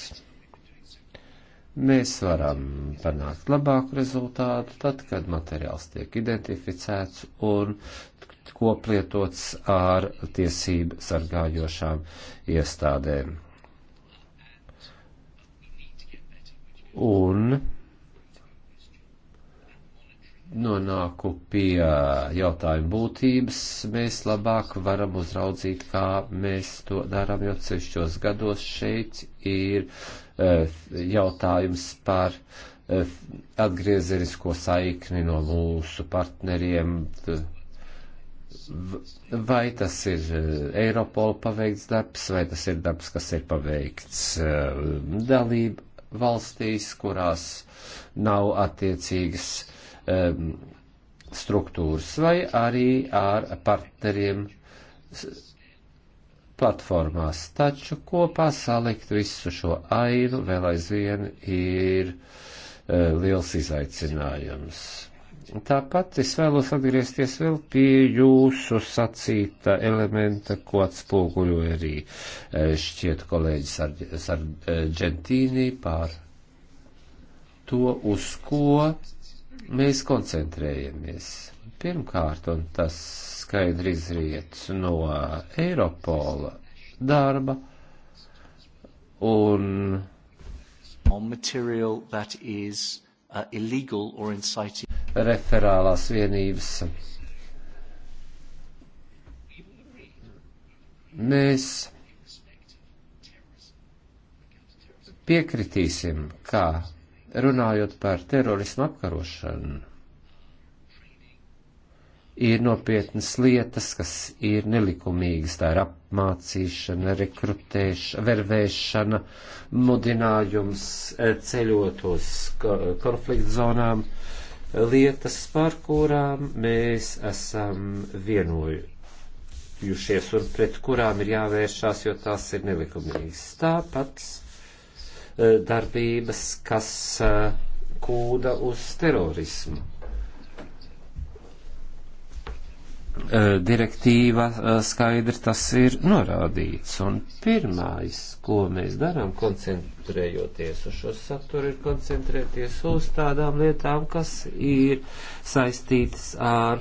Mēs varam panākt labāku rezultātu tad, kad materiāls tiek identificēts un koplietots ar tiesību sargājošām iestādēm. Un nonāku pie jautājuma būtības, mēs labāk varam uzraudzīt, kā mēs to darām, jo cešos gados šeit ir e, jautājums par e, atgriezenisko saikni no mūsu partneriem. Vai tas ir e, Eiropola paveikts darbs, vai tas ir darbs, kas ir paveikts dalību valstīs, kurās nav attiecīgas uh, um, struktūras vai arī ar partneriem platformās. Taču kopā salikt visu šo ainu vēl aizvien ir uh, liels izaicinājums. Tāpat es vēlos atgriezties vēl pie jūsu sacīta elementa, ko atspoguļoja arī uh, šķiet kolēģis Sargentīnī uh, par to, uz ko mēs koncentrējamies. Pirmkārt, un tas skaidri izriet no Eiropola darba un is, uh, inciting... referālās vienības. Mēs piekritīsim, kā runājot par terorismu apkarošanu, ir nopietnas lietas, kas ir nelikumīgas. Tā ir apmācīšana, rekrutēšana, vervēšana, mudinājums eh, ceļotos konflikt zonām, lietas, par kurām mēs esam vienojušies un pret kurām ir jāvēršās, jo tās ir nelikumīgas. Tāpat Eh, darbības, kas eh, kūda uz terorismu. Eh, direktīva skaidri tas ir norādīts, un pirmais, ko mēs darām, koncentrējoties uz šo saturu, ir koncentrēties uz tādām lietām, kas ir saistītas ar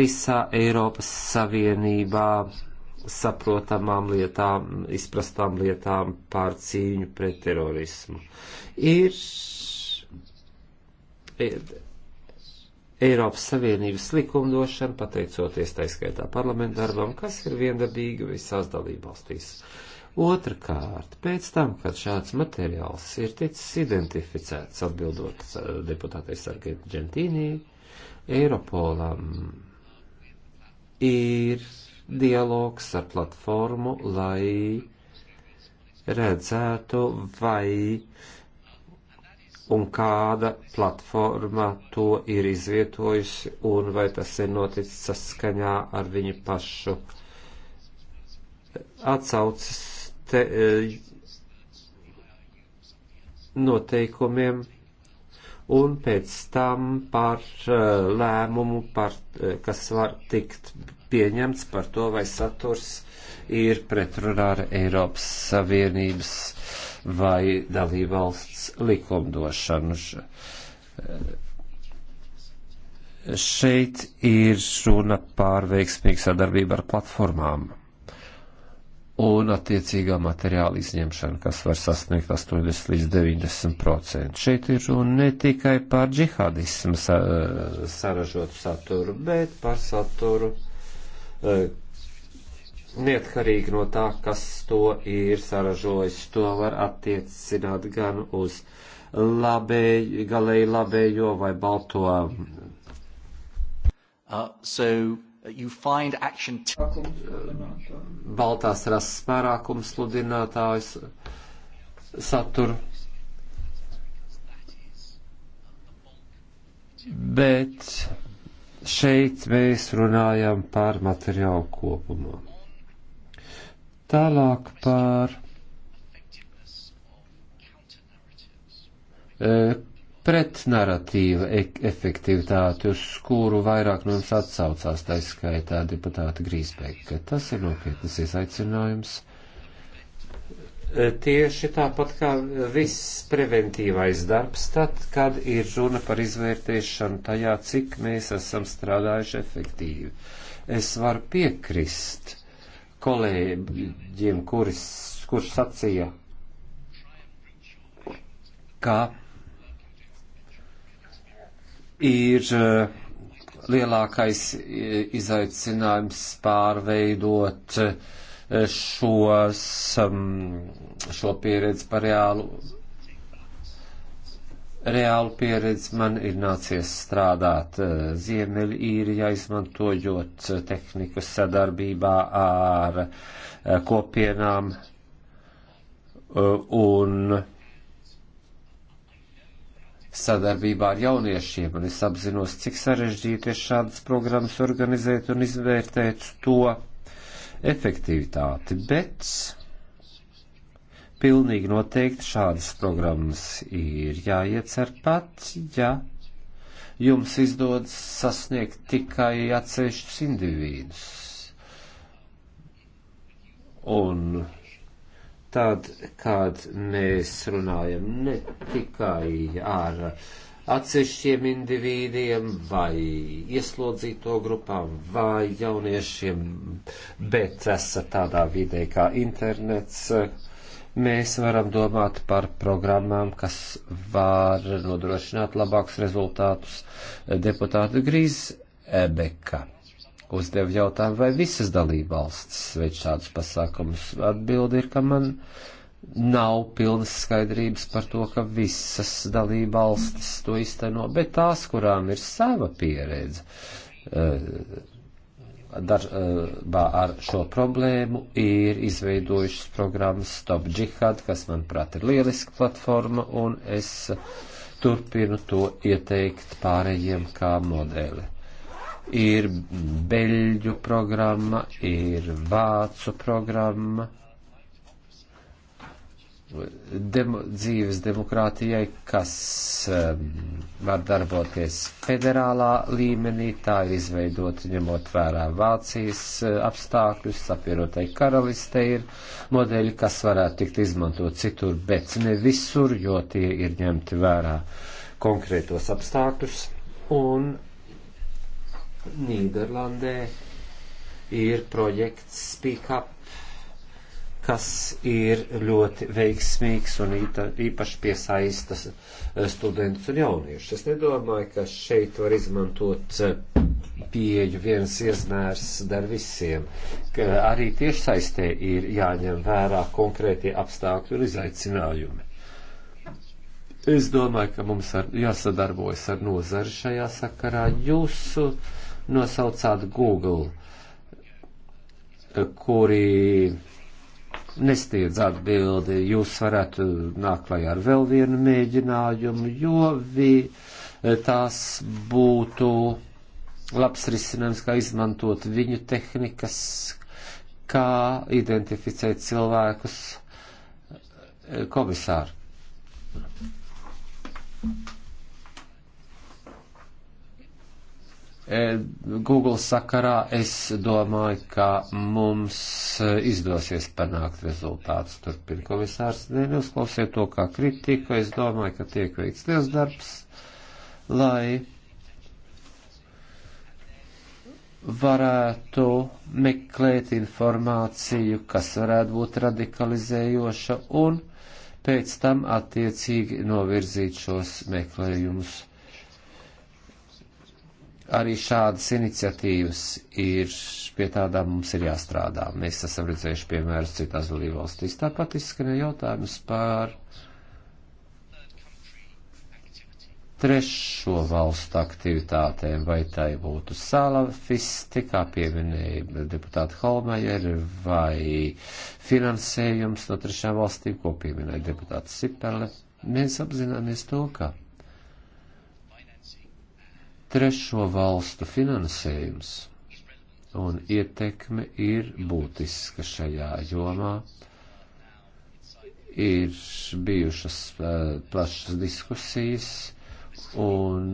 visā Eiropas Savienībā saprotamām lietām, izprastām lietām pār cīņu pret terorismu. Ir e, Eiropas Savienības likumdošana, pateicoties taiskaitā parlamentu darbam, kas ir viendabīga visās dalībvalstīs. Otrakārt, pēc tam, kad šāds materiāls ir ticis identificēts, atbildot e, deputātei Sargentīnī, Eiropolam ir dialogs ar platformu, lai redzētu, vai un kāda platforma to ir izvietojusi un vai tas ir noticis saskaņā ar viņu pašu atsaucas te, eh, noteikumiem un pēc tam par eh, lēmumu, par, eh, kas var tikt pieņemts par to, vai saturs ir pretrunā ar Eiropas Savienības vai dalībvalsts likumdošanu. Šeit ir runa par veiksmīgu sadarbību ar platformām un attiecīgā materiāla izņemšana, kas var sasniegt 80 līdz 90 procentu. Šeit ir runa ne tikai par džihadismu saražotu saturu, bet par saturu Eh, neatkarīgi no tā, kas to ir saražojis. To var attiecināt gan uz labēj, galēji labējo vai balto. Uh, so uh, Baltās rases pārākums sludinātājs satur. Bet šeit mēs runājam par materiālu kopumā. Tālāk par pretnaratīva e efektivitāti, uz kuru vairāk no mums atsaucās, tā skaitā deputāta Grīsbeka. Tas ir nopietnas izaicinājums. Tieši tāpat kā viss preventīvais darbs, tad, kad ir runa par izvērtēšanu tajā, cik mēs esam strādājuši efektīvi. Es varu piekrist kolēģiem, kuris, kurš sacīja, ka ir e, lielākais e, izaicinājums pārveidot uh, šos, um, šo pieredzi par reālu. Reālu pieredzi man ir nācies strādāt uh, Ziemeļīrijā, izmantojot uh, tehniku sadarbībā ar uh, kopienām un sadarbībā ar jauniešiem, un es apzinos, cik sarežģīti ir šādas programmas organizēt un izvērtēt to, efektivitāti, bet pilnīgi noteikti šādas programmas ir jāiecer pat, ja jums izdodas sasniegt tikai atsevišķus individus. Un tad, kad mēs runājam ne tikai ar uh, atsevišķiem individiem vai ieslodzīto grupām vai jauniešiem, bet esat tādā vidē kā internets. Mēs varam domāt par programmām, kas var nodrošināt labākus rezultātus. Deputāta Grīsebeka uzdeva jautājumu, vai visas dalībvalstis veic šādus pasākumus. Atbildi ir, ka man. Uh, nav pilnas skaidrības par to, ka visas dalībvalstis to izteno, bet tās, kurām ir sava pieredze eh, darbā eh, ar šo problēmu, ir izveidojušas programmas Stop Jihad, kas, manuprāt, ir lieliska platforma, un es turpinu to ieteikt pārējiem kā modeli ir beļģu programma, ir vācu programma, demo, dzīves demokrātijai, kas um, var darboties federālā līmenī, tā ir izveidota ņemot vērā Vācijas uh, apstākļus, apvienotai karaliste ir modeļi, kas varētu tikt izmantot citur, bet ne visur, jo tie ir ņemti vērā konkrētos apstākļus. Un Nīderlandē ir projekts Speak Up kas ir ļoti veiksmīgs un īpaši piesaistas eh, studentus un jauniešus. Es nedomāju, ka šeit var izmantot eh, pieju viens izmērs dar visiem, ka arī tiešsaistē ir jāņem vērā konkrētie apstākļi un izaicinājumi. Es domāju, ka mums ar, jāsadarbojas ar nozari šajā sakarā. Jūsu nosaucāt Google, eh, kuri nestiedz atbildi, jūs varētu nākt klajā ar vēl vienu mēģinājumu, jo vi, eh, tās būtu labs risinājums, kā izmantot viņu tehnikas, kā identificēt cilvēkus eh, komisāru. Thank you. E, Google sakarā es domāju, ka mums e, izdosies panākt rezultātus. Turpin komisārs, neuzklausiet to kā kritiku, es domāju, ka tiek veikts liels darbs, lai varētu meklēt informāciju, kas varētu būt radikalizējoša un pēc tam attiecīgi novirzīt šos meklējumus arī šādas iniciatīvas ir, pie tādām mums ir jāstrādā. Mēs esam redzējuši piemērus citās dalībvalstīs. Tāpat izskanēja jautājums par trešo valstu aktivitātēm, vai tai būtu salafisti, kā pieminēja deputāta Holmajer, vai finansējums no trešām valstīm, ko pieminēja deputāta Sipele. Mēs apzināmies to, ka trešo valstu finansējums un ietekme ir būtiska šajā jomā. Ir bijušas uh, plašas diskusijas, un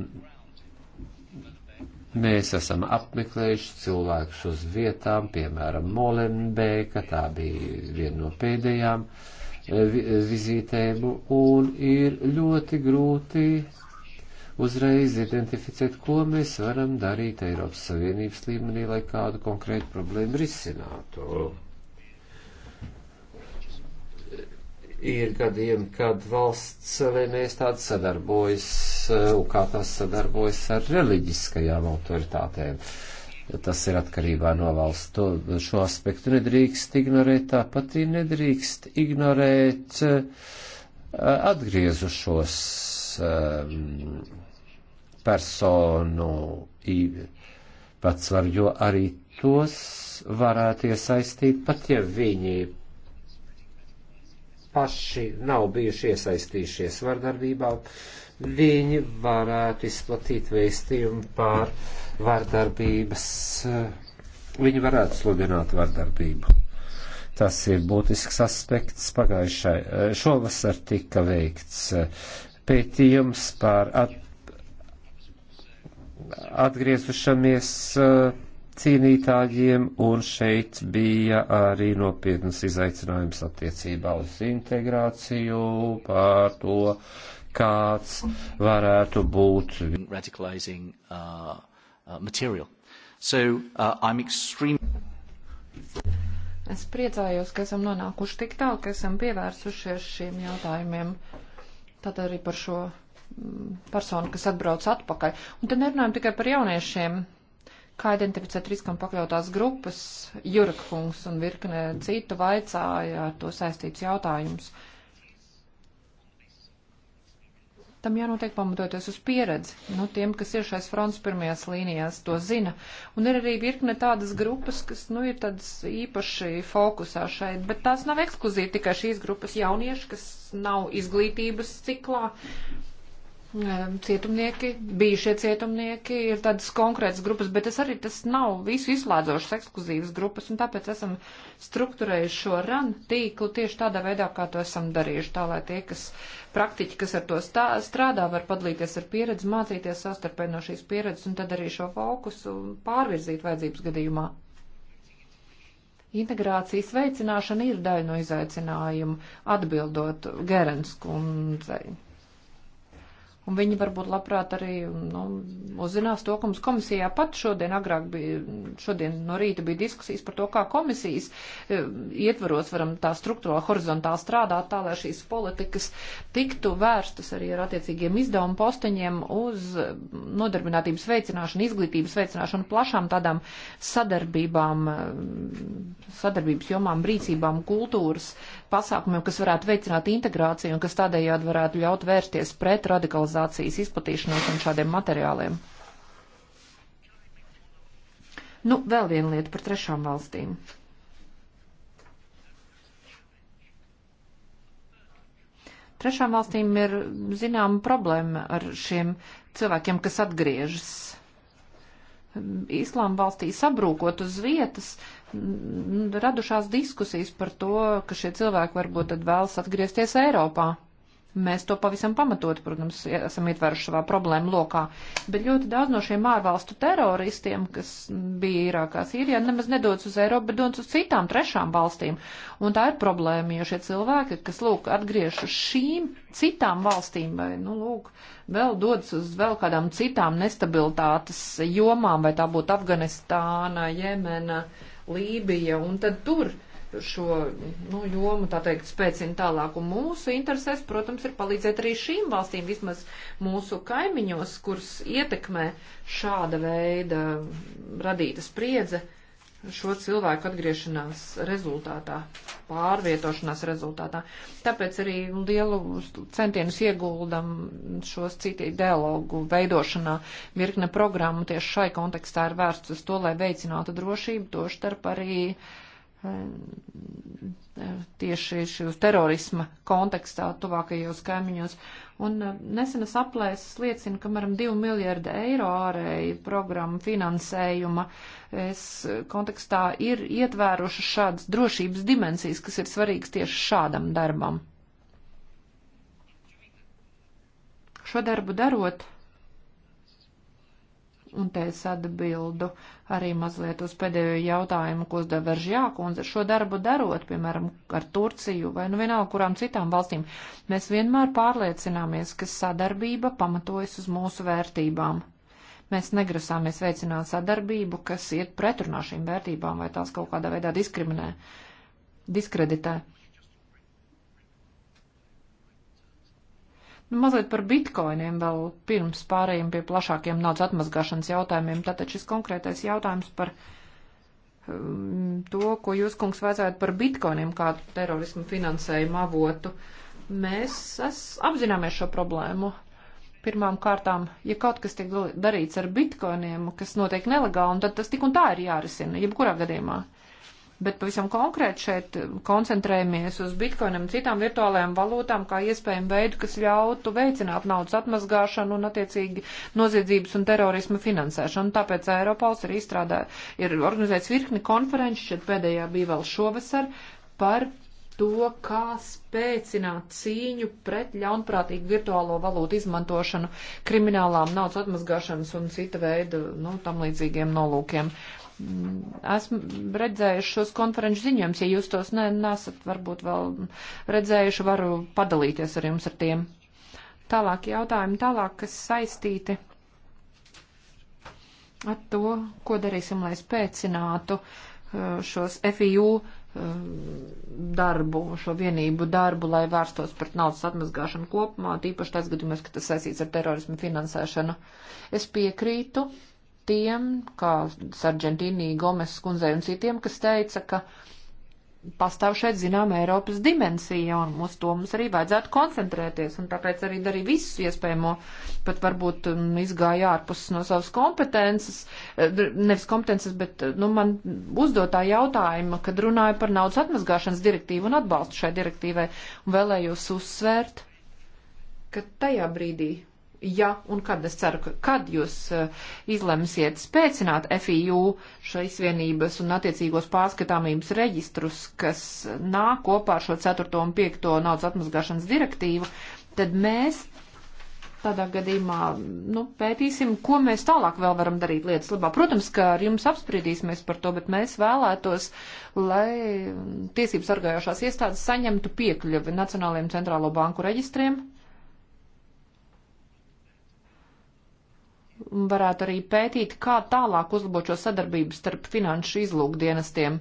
mēs esam apmeklējuši cilvēkus uz vietām, piemēram, Molenbēka, tā bija viena no pēdējām eh, vizītēm, un ir ļoti grūti uzreiz identificēt, ko mēs varam darīt Eiropas Savienības līmenī, lai kādu konkrētu problēmu risinātu. Ir gadiem, kad valsts vienreiz tāds sadarbojas, eh, un kā tas sadarbojas ar reliģiskajām autoritātēm. Tas ir atkarībā no valsts. To, šo aspektu nedrīkst ignorēt, tāpat arī nedrīkst ignorēt eh, atgriezušos um, personu īpatsvaru, jo arī tos varētu iesaistīt, pat ja viņi paši nav bijuši iesaistījušies vardarbībā, viņi varētu izplatīt vēstījumu pār vardarbības, viņi varētu sludināt vardarbību. Tas ir būtisks aspekts. Pagājušai šovasar tika veikts eh, pētījums par at, atgriezušamies eh, cīnītājiem, un šeit bija arī nopietnas izaicinājums attiecībā uz integrāciju, pār to, kāds varētu būt. Uh, uh, so, uh, extreme... Es priecājos, ka esam nonākuši tik tālu, ka esam pievērsušies šiem jautājumiem. Tad arī par šo personu, kas atbrauc atpakaļ. Un te nerunājam tikai par jauniešiem, kā identificēt riskam pakļautās grupas, Jurkfungs un virkne citu vaicāja ar to saistīts jautājums. Tam jānotiek pamatoties uz pieredzi. Nu, tiem, kas ir šais fronts pirmajās līnijās, to zina. Un ir arī virkne tādas grupas, kas, nu, ir tādas īpaši fokusā šeit, bet tās nav ekskluzīvi tikai šīs grupas jaunieši, kas nav izglītības ciklā. Uh, Ehm, cietumnieki, bijušie cietumnieki, ir tādas konkrētas grupas, bet tas arī tas nav visu izslēdzošas ekskluzīvas grupas, un tāpēc esam strukturējuši šo RAN tīklu tieši tādā veidā, kā to esam darījuši, tā lai tie, kas praktiķi, kas ar to stā, strādā, var padalīties ar pieredzi, mācīties savstarpēji no šīs pieredzes, un tad arī šo fokusu pārvirzīt vajadzības gadījumā. Integrācijas veicināšana ir daļa no izaicinājuma, atbildot Gerens kundzei Un viņi varbūt labprāt arī nu, uzzinās to, ka mums komisijā pat šodien agrāk bija, šodien no rīta bija diskusijas par to, kā komisijas e, ietvaros varam tā struktūrāli horizontāli strādāt tā, lai šīs politikas tiktu vērstas arī ar attiecīgiem izdevumu posteņiem uz e, nodarbinātības veicināšanu, izglītības veicināšanu, plašām tādām sadarbībām, e, sadarbības jomām, rīcībām, kultūras pasākumiem, kas varētu veicināt integrāciju un kas tādējādi varētu ļaut vērsties pret radikalizācijas izplatīšanos un šādiem materiāliem. Nu, vēl viena lieta par trešām valstīm. Trešām valstīm ir zināma problēma ar šiem cilvēkiem, kas atgriežas. Īslām valstī sabrūkot uz vietas, uh, Mm, radušās diskusijas par to, ka šie cilvēki varbūt tad vēlas atgriezties Eiropā. Mēs to pavisam pamatot, protams, esam ietvēruši savā problēmu lokā, bet ļoti daudz no šiem ārvalstu teroristiem, kas bija Irākā, Sīrijā, nemaz nedodas uz Eiropu, bet dodas uz citām trešām valstīm. Un tā ir problēma, jo šie cilvēki, kas, lūk, atgriež uz šīm citām valstīm vai, nu, lūk, vēl dodas uz vēl kādām citām nestabilitātes jomām, vai tā būtu Afganistāna, Jemena. Uh, Lībija, un tad tur šo nu, jomu, tā teikt, spēcina tālāk. Un mūsu interesēs, protams, ir palīdzēt arī šīm valstīm, vismaz mūsu kaimiņos, kuras ietekmē šāda veida radīta spriedze. Uh, šo cilvēku atgriešanās rezultātā, pārvietošanās rezultātā. Tāpēc arī lielu centienus ieguldam šos citu dialogu veidošanā. Virkne programmu tieši šai kontekstā ir vērsts uz to, lai veicinātu drošību, to starp arī eh, tieši šīs terorisma kontekstā tuvākajos kaimiņos. Un eh, nesenas aplēses liecina, ka, piemēram, 2 miljārdi eiro ārēji programma finansējuma es eh, kontekstā ir ietvēruši šādas drošības dimensijas, kas ir svarīgas tieši šādam darbam. Šo darbu darot, Un te es atbildu arī mazliet uz pēdējo jautājumu, ko uzdev Veržjā kundze. Šo darbu darot, piemēram, ar Turciju vai nu vienalga kurām citām valstīm, mēs vienmēr pārliecināmies, ka sadarbība pamatojas uz mūsu vērtībām. Mēs negrasāmies veicināt sadarbību, kas iet pretrunā šīm vērtībām vai tās kaut kādā veidā diskriminē, diskreditē. Uh, Nu, mazliet par bitkoiniem vēl pirms pārējiem pie plašākiem naudas atmazgāšanas jautājumiem. Tātad šis konkrētais jautājums par um, to, ko jūs, kungs, vajadzētu par bitkoiniem kā terorismu finansējumu avotu. Mēs es, apzināmies šo problēmu. Pirmām kārtām, ja kaut kas tiek darīts ar bitkoiniem, kas notiek nelegāli, tad tas tik un tā ir jārisina, jebkurā gadījumā. Uh, bet pavisam konkrēti šeit koncentrējamies uz bitkoinam un citām virtuālajām valūtām kā iespējamu veidu, kas ļautu veicināt naudas atmazgāšanu un attiecīgi noziedzības un terorisma finansēšanu. Tāpēc Eiropals ir izstrādā, ir organizēts virkni konferences, šeit pēdējā bija vēl šovasar, par to, kā spēcināt cīņu pret ļaunprātīgu virtuālo valūtu izmantošanu kriminālām naudas atmazgāšanas un cita veida nu, tam līdzīgiem nolūkiem. Mm, esmu redzējuši šos konferenču ziņojumus, ja jūs tos ne, nesat varbūt vēl redzējuši, varu padalīties ar jums ar tiem. Tālāk jautājumi, tālāk, kas saistīti ar to, ko darīsim, lai spēcinātu uh, šos FIU Um, darbu, šo vienību darbu, lai vērstos pret naudas atmazgāšanu kopumā, tīpaši tāds gadījumos, ka tas saistīts ar terorismu finansēšanu. Es piekrītu tiem, kā Sargentīnī, Gomes skundzei un citiem, kas teica, ka pastāv šeit, zinām, Eiropas dimensija, un uz to mums arī vajadzētu koncentrēties, un tāpēc arī darīja visu iespējamo, pat varbūt um, izgāja ārpus no savas kompetences, eh, nevis kompetences, bet, eh, nu, man uzdotā jautājuma, kad runāju par naudas atmazgāšanas direktīvu un atbalstu šai direktīvai, un vēlējos uzsvērt, ka tajā brīdī, ja un kad es ceru, ka kad jūs eh, izlemsiet spēcināt FIU šais vienības un attiecīgos pārskatāmības reģistrus, kas nāk kopā ar šo 4. un 5. naudas atmazgāšanas direktīvu, tad mēs tādā gadījumā nu, pētīsim, ko mēs tālāk vēl varam darīt lietas labā. Protams, ka ar jums apspriedīsimies par to, bet mēs vēlētos, lai tiesības sargājošās iestādes saņemtu piekļuvi Nacionālajiem centrālo banku reģistriem varētu arī pētīt, kā tālāk uzlabot šo sadarbību starp finanšu izlūkdienestiem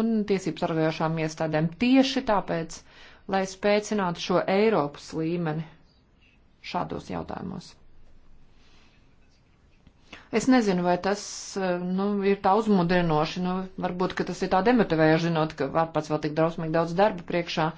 un tiesību sargājošām iestādēm tieši tāpēc, lai spēcinātu šo Eiropas līmeni šādos jautājumos. Es nezinu, vai tas eh, nu, ir tā uzmudrinoši. Nu, varbūt, ka tas ir tā demotivējoši, zinot, ka var pats vēl tik drausmīgi daudz darba priekšā.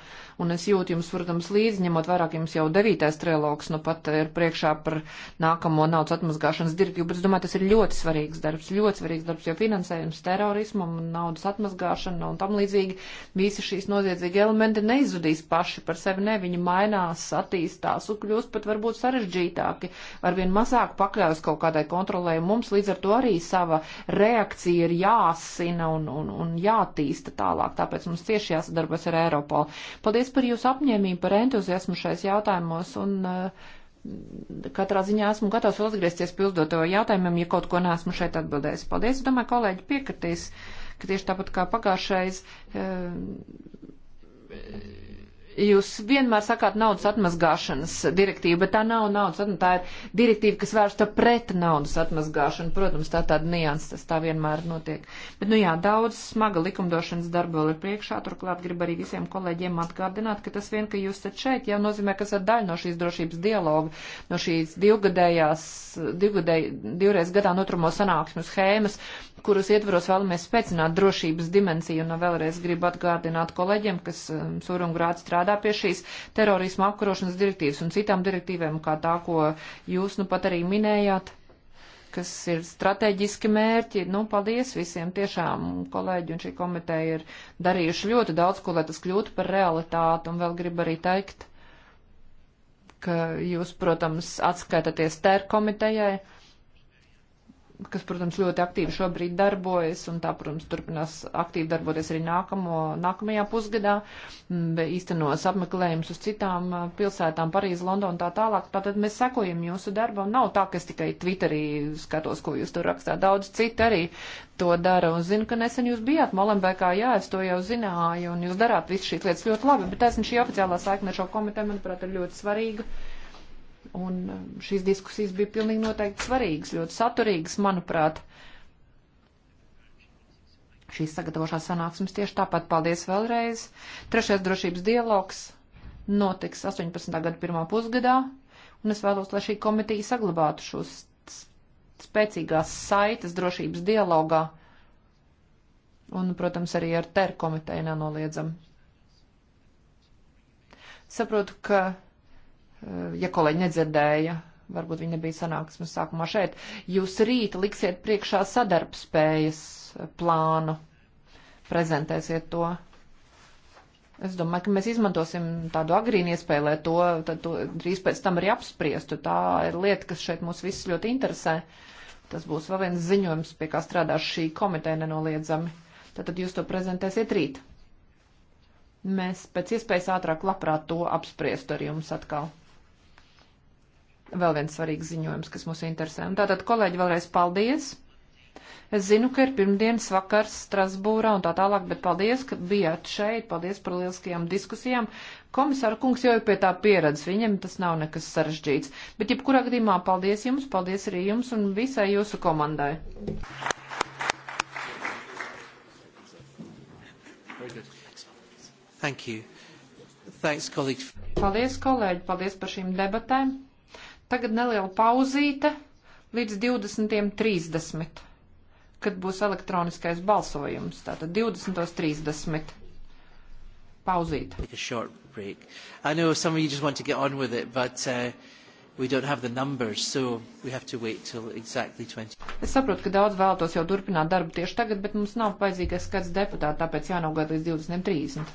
Un es jūtu jums, protams, līdzi, ņemot vairāk jums jau devītais trilogs, nu pat ir priekšā par nākamo naudas atmazgāšanas direktīvu. Bet es domāju, tas ir ļoti svarīgs darbs, ļoti svarīgs darbs, jo finansējums terorismam un naudas atmazgāšana un tam līdzīgi visi šīs noziedzīgi elementi neizudīs paši par sevi. Ne, viņi mainās, attīstās un kļūst pat varbūt sarežģītāki, arvien mazāk pakļaujas kaut kādai kontrolējumu Mums līdz ar to arī sava reakcija ir jāsina un, un, un jātīsta tālāk, tāpēc mums cieši jāsadarbojas ar Eiropolu. Paldies par jūsu apņēmību, par entuziasmu šais jautājumos un eh, katrā ziņā esmu gatavs atgriezties pildot to jautājumiem, ja kaut ko neesmu šeit atbildējis. Paldies, domāju, kolēģi piekritīs, ka tieši tāpat kā pagājušais. E, Jūs vienmēr sakāt naudas atmazgāšanas direktīva, bet tā nav naudas atmazgāšana, tā ir direktīva, kas vērsta pret naudas atmazgāšanu. Protams, tā tāda nianses, tas tā vienmēr notiek. Bet, nu jā, daudz smaga likumdošanas darba vēl ir priekšā, turklāt gribu arī visiem kolēģiem atgādināt, ka tas vien, ka jūs esat šeit, jau nozīmē, ka esat daļa no šīs drošības dialoga, no šīs divgadējās, divgadēj, divreiz gadā notrumo sanāksmu schēmas, kuras ietvaros vēlamies spēcināt drošības dimensiju. Un vēlreiz gribu atgādināt kolēģiem, kas um, surumgrāt strādā pie šīs terorisma apkarošanas direktīvas un citām direktīvēm, kā tā, ko jūs nu pat arī minējāt kas ir strateģiski mērķi. Nu, paldies visiem tiešām kolēģi un šī komiteja ir darījuši ļoti daudz, ko lai tas kļūtu par realitāti. Un vēl gribu arī teikt, ka jūs, protams, atskaitaties tēr komitejai. Uh, kas, protams, ļoti aktīvi šobrīd darbojas, un tā, protams, turpinās aktīvi darboties arī nākamo, nākamajā pusgadā, īstenos apmeklējums uz citām pilsētām, Parīzi, Londonu un tā tālāk. Tātad mēs sekojam jūsu darbam. Nav tā, ka es tikai Twitterī skatos, ko jūs tur rakstāt. Daudz citi arī to dara, un zinu, ka nesen jūs bijāt Molenbekā, jā, es to jau zināju, un jūs darāt visu šīs lietas ļoti labi, bet esmu šī oficiālā saikne ar šo komiteju, manuprāt, ir ļoti svarīga Un um, šīs diskusijas bija pilnīgi noteikti svarīgas, ļoti saturīgas, manuprāt. Šīs sagatavošās sanāksmes tieši tāpat. Paldies vēlreiz. Trešais drošības dialogs notiks 18. gada pirmā pusgadā, un es vēlos, lai šī komitīja saglabātu šos spēcīgās saites drošības dialogā, un, protams, arī ar ter komiteju nenoliedzam. Saprotu, ka Eh, ja kolēģi nedzirdēja, varbūt viņi nebija sanāksmes sākumā šeit, jūs rīt liksiet priekšā sadarbspējas plānu, prezentēsiet to. Es domāju, ka mēs izmantosim tādu agrīnu iespēju, lai to, to drīz pēc tam arī apspriestu. Tā ir lieta, kas šeit mūs visus ļoti interesē. Tas būs vēl viens ziņojums, pie kā strādās šī komiteja nenoliedzami. Tātad jūs to prezentēsiet rīt. Mēs pēc iespējas ātrāk labprāt to apspriestu ar jums atkal vēl viens svarīgs ziņojums, kas mūs interesē. Un tātad, kolēģi, vēlreiz paldies! Es zinu, ka ir pirmdienas vakars Strasbūrā un tā tālāk, bet paldies, ka bijāt šeit, paldies par lieliskajām diskusijām. Komisāra kungs jau ir pie tā pieredzes, viņam tas nav nekas sarežģīts. Bet jebkurā gadījumā paldies jums, paldies arī jums un visai jūsu komandai. Thank you. Thanks, colleague. Paldies, kolēģi, paldies par šīm debatēm. Tagad neliela pauzīte līdz 20.30, kad būs elektroniskais balsojums. Tātad 20.30. Pauzīte. I know some of you just want to get on with it, but uh, we don't have the numbers, so we have to wait till exactly 20. Es saprotu, ka daudz vēlētos jau turpināt darbu tieši tagad, bet mums nav vajadzīgais skats deputāti, tāpēc jānogaida līdz 20.30.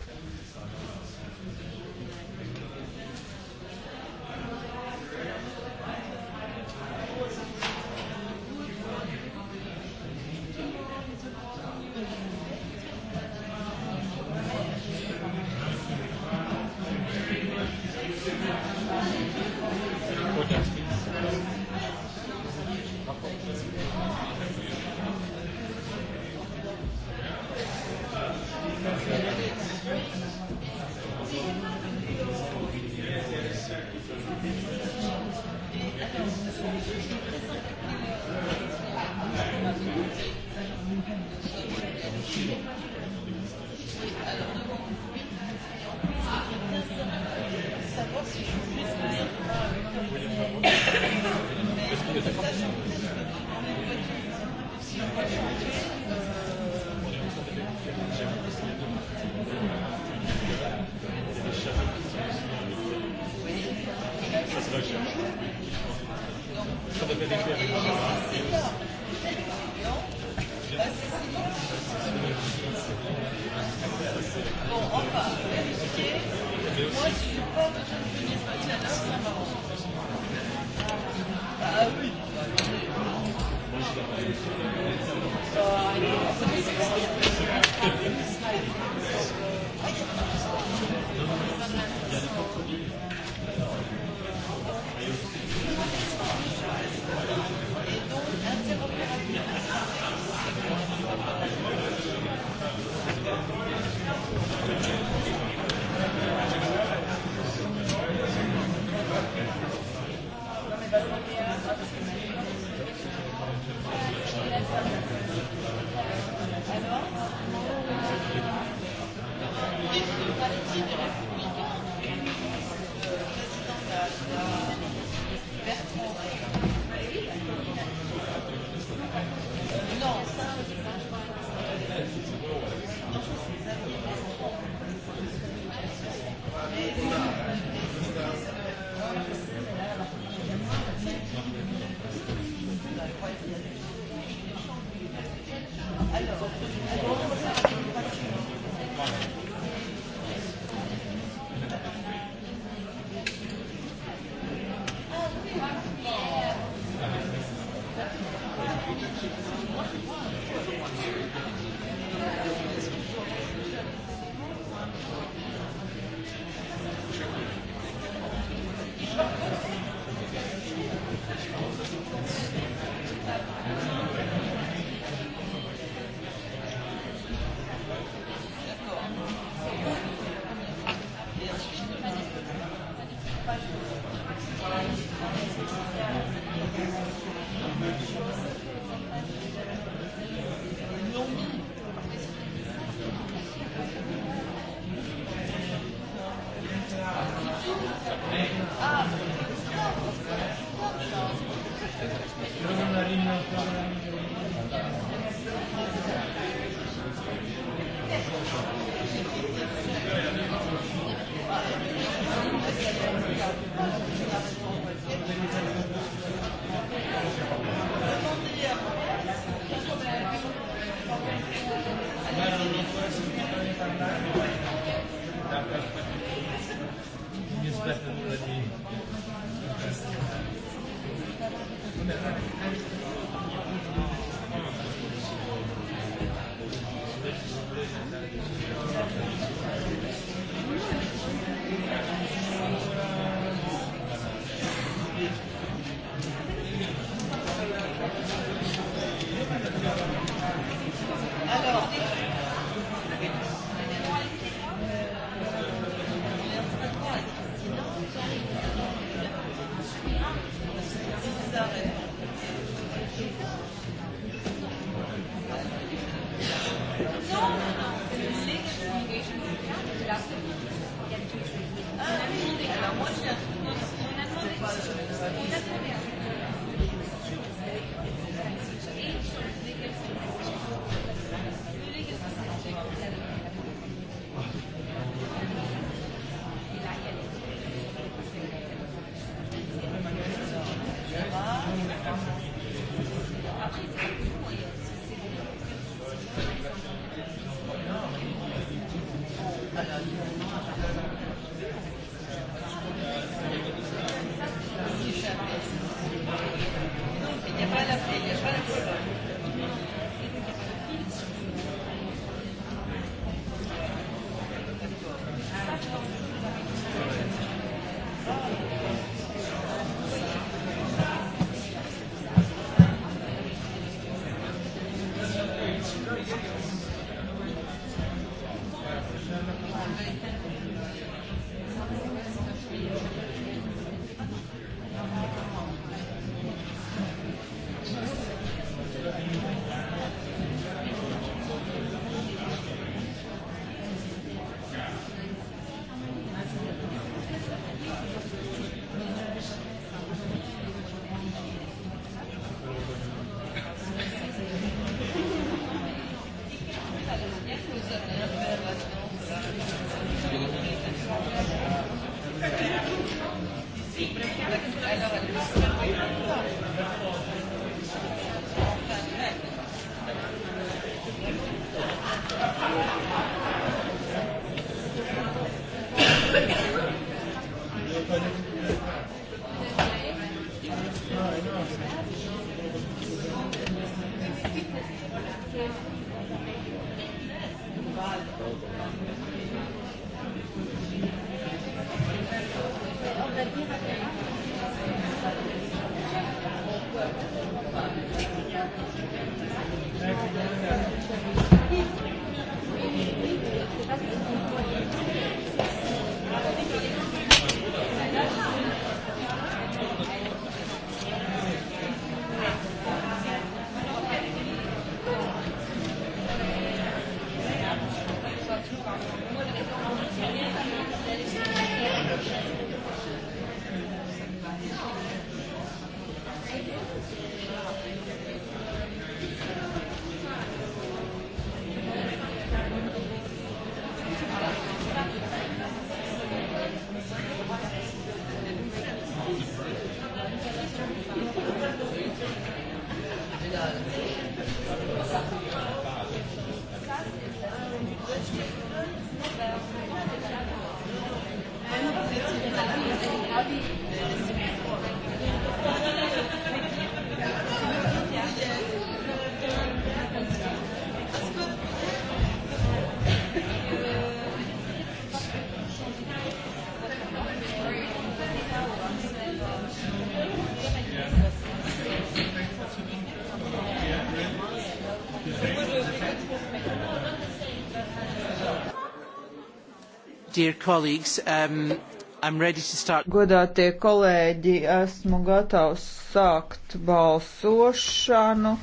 Dear colleagues, um, I'm ready to start. Godātie kolēģi, esmu gatavs sākt balsošanu,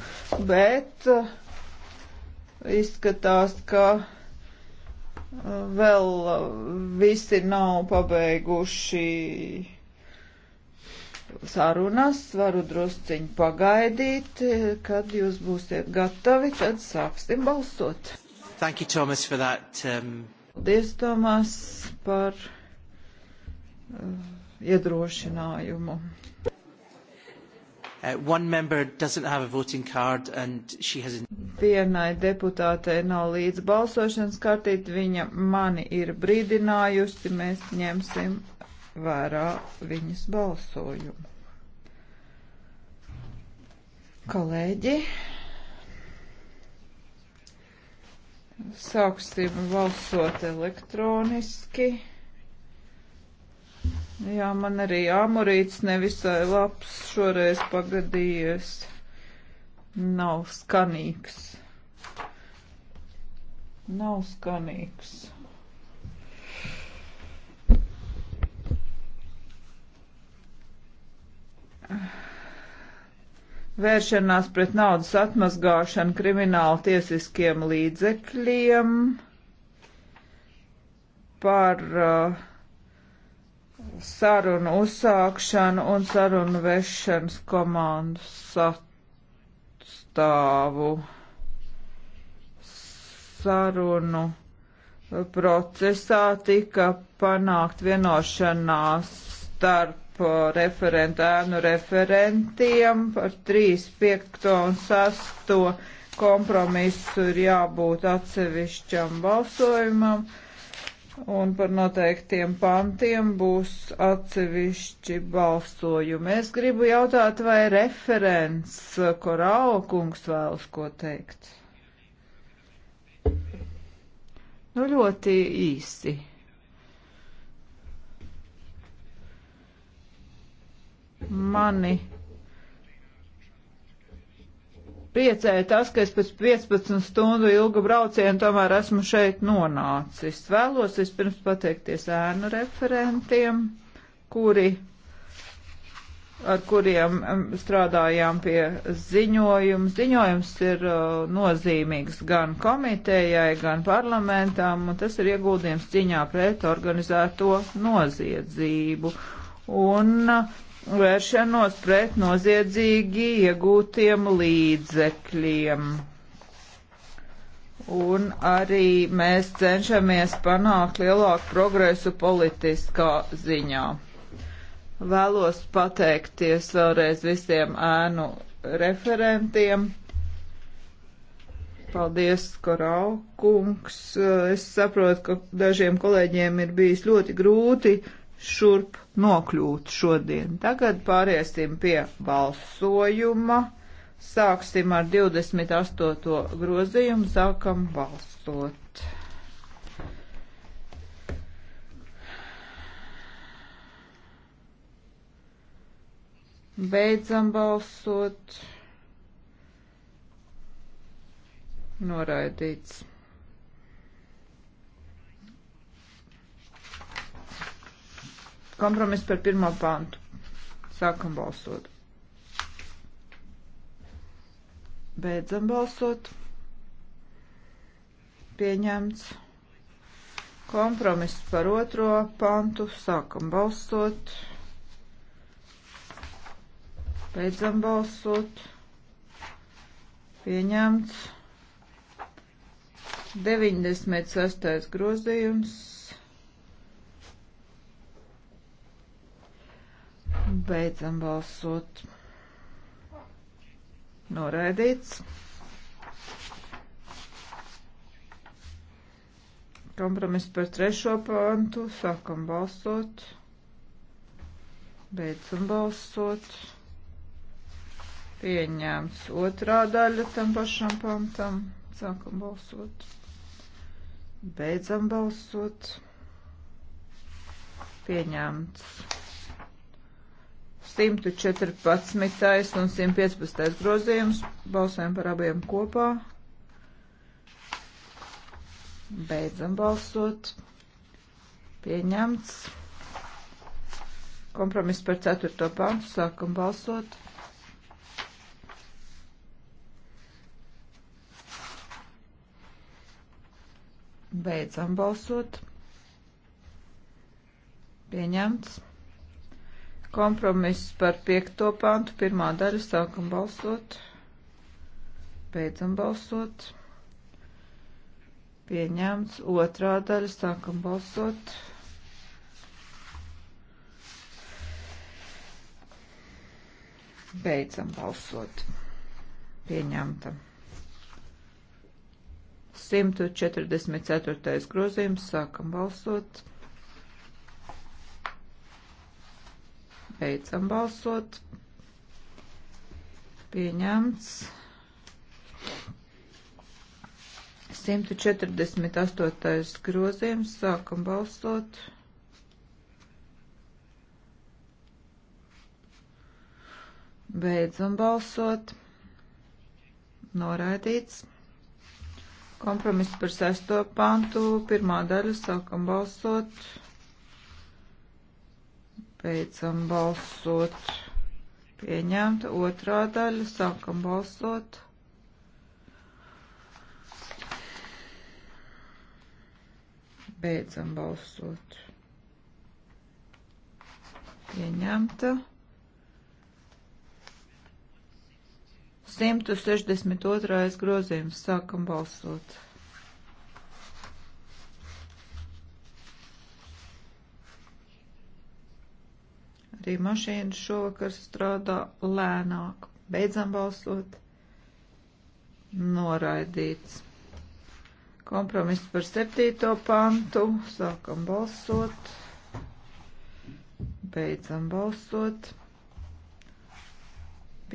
bet uh, izskatās, ka uh, vēl uh, visi nav pabeiguši sarunas. Varu drusciņu pagaidīt, kad jūs būsiet gatavi, tad sāksim balsot. Thank you, Thomas, for that. Um... Paldies, Tomas, par uh, iedrošinājumu. Uh, one member doesn't have a voting card and she has a... Vienai deputātei nav līdz balsošanas kartīt, viņa mani ir brīdinājusi, mēs ņemsim vērā viņas balsojumu. Kolēģi, Sāksim balsot elektroniski. Jā, man arī āmurīts nevisai labs šoreiz pagadījies. Nav skanīgs. Nav skanīgs. Uh vēršanās pret naudas atmazgāšanu krimināla tiesiskiem līdzekļiem, par uh, sarunu uzsākšanu un sarunu vešanas komandu sastāvu, sarunu procesā tika panākt vienošanās starp Uh, referentu ēnu referentiem par 3, 5 un 6 kompromisu ir jābūt atsevišķam balsojumam un par noteiktiem pantiem būs atsevišķi balsojumi. Es gribu jautāt, vai referents uh, Korāo kungs vēlas ko teikt? Nu, ļoti īsi. Mani priecēja tas, ka es pēc 15 stundu ilga brauciena tomēr esmu šeit nonācis. Vēlos vispirms pateikties ēnu referentiem, kuri, ar kuriem strādājām pie ziņojums. Ziņojums ir uh, nozīmīgs gan komitejai, gan parlamentam, un tas ir ieguldījums ciņā pret organizēto noziedzību. Un uh, vēršanos pret noziedzīgi iegūtiem līdzekļiem. Un arī mēs cenšamies panākt lielāku progresu politiskā ziņā. Vēlos pateikties vēlreiz visiem ēnu referentiem. Paldies, Korau kungs. Es saprotu, ka dažiem kolēģiem ir bijis ļoti grūti uh, šurp nokļūt šodien. Tagad pāriesim pie balsojuma. Sāksim ar 28. grozījumu, sākam balsot. Beidzam balsot. Noraidīts. Kompromiss par pirmo pantu. Sākam balsot. Beidzam balsot. Pieņemts. Kompromiss par otro pantu. Sākam balsot. Beidzam balsot. Pieņemts. 96. grozījums. Beidzam balsot. Noraidīts. Kompromis par trešo pāntu. Sākam balsot. Beidzam balsot. Pieņēmts otrā daļa tam pašam pantam. Sākam balsot. Beidzam balsot. Pieņēmts. 114. un 115. grozījums. Balsojam par abiem kopā. Beidzam balsot. Pieņemts. Kompromiss par 4. pantu. Sākam balsot. Beidzam balsot. Pieņemts. Kompromiss par piekto pantu, pirmā daļa, sākam balsot, beidzam balsot. Pieņemts, otrā daļa, sākam balsot. Beidzam balsot. Pieņemta. 144. grozījums, sākam balsot. Beidzam balsot. Pieņemts. 148. grozījums. Sākam balsot. Beidzam balsot. Noraidīts. Kompromiss par sesto pantu. Pirmā daļa. Sākam balsot. Beidzam balsot. Pieņemta otrā daļa. Sākam balsot. Beidzam balsot. Pieņemta. 162. grozījums. Sākam balsot. Arī mašīnas šovakar strādā lēnāk. Beidzam balsot. Noraidīts. Kompromiss par septīto pantu. Sākam balsot. Beidzam balsot.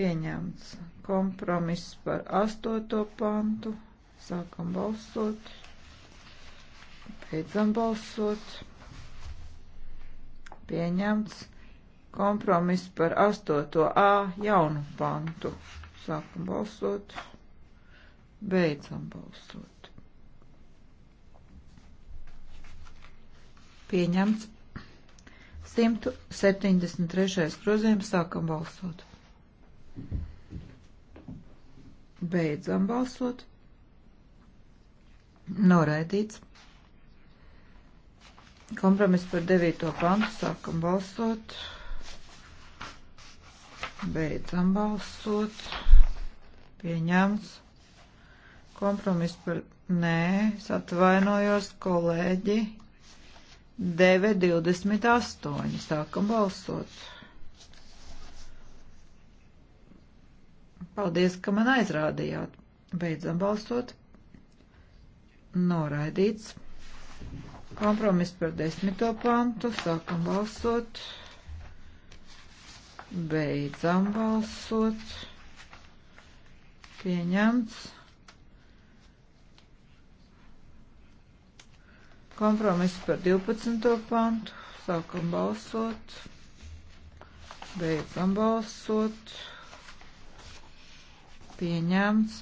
Pieņemts kompromiss par astoto pantu. Sākam balsot. Beidzam balsot. Pieņemts kompromiss par 8a jaunu pantu. Sākam balsot, beidzam balsot. Pieņemts 173. grozījums, sākam balsot. Beidzam balsot. Noraidīts. Kompromiss par 9. pantu, sākam balsot. Balsot. Beidzam balsot. Pieņemts. Kompromiss par nē, es atvainojos, kolēģi. 9.28. Sākam balsot. Paldies, ka man aizrādījāt. Beidzam balsot. Noraidīts. Kompromiss par desmito pantu. Sākam balsot. Beidzam balsot. Pieņemts. Kompromiss par 12. pantu. Sākam balsot. Beidzam balsot. Pieņemts.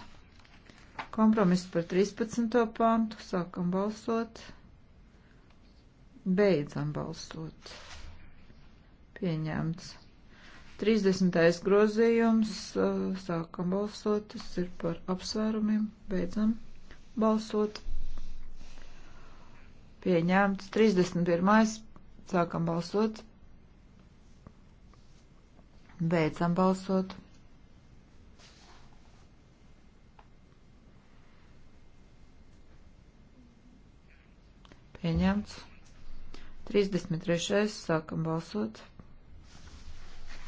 Kompromiss par 13. pantu. Sākam balsot. Beidzam balsot. Pieņemts. 30. grozījums, uh, sākam balsot, tas ir par apsvērumiem, beidzam balsot. Pieņemts 31. sākam balsot, beidzam balsot. Pieņemts 33. sākam balsot.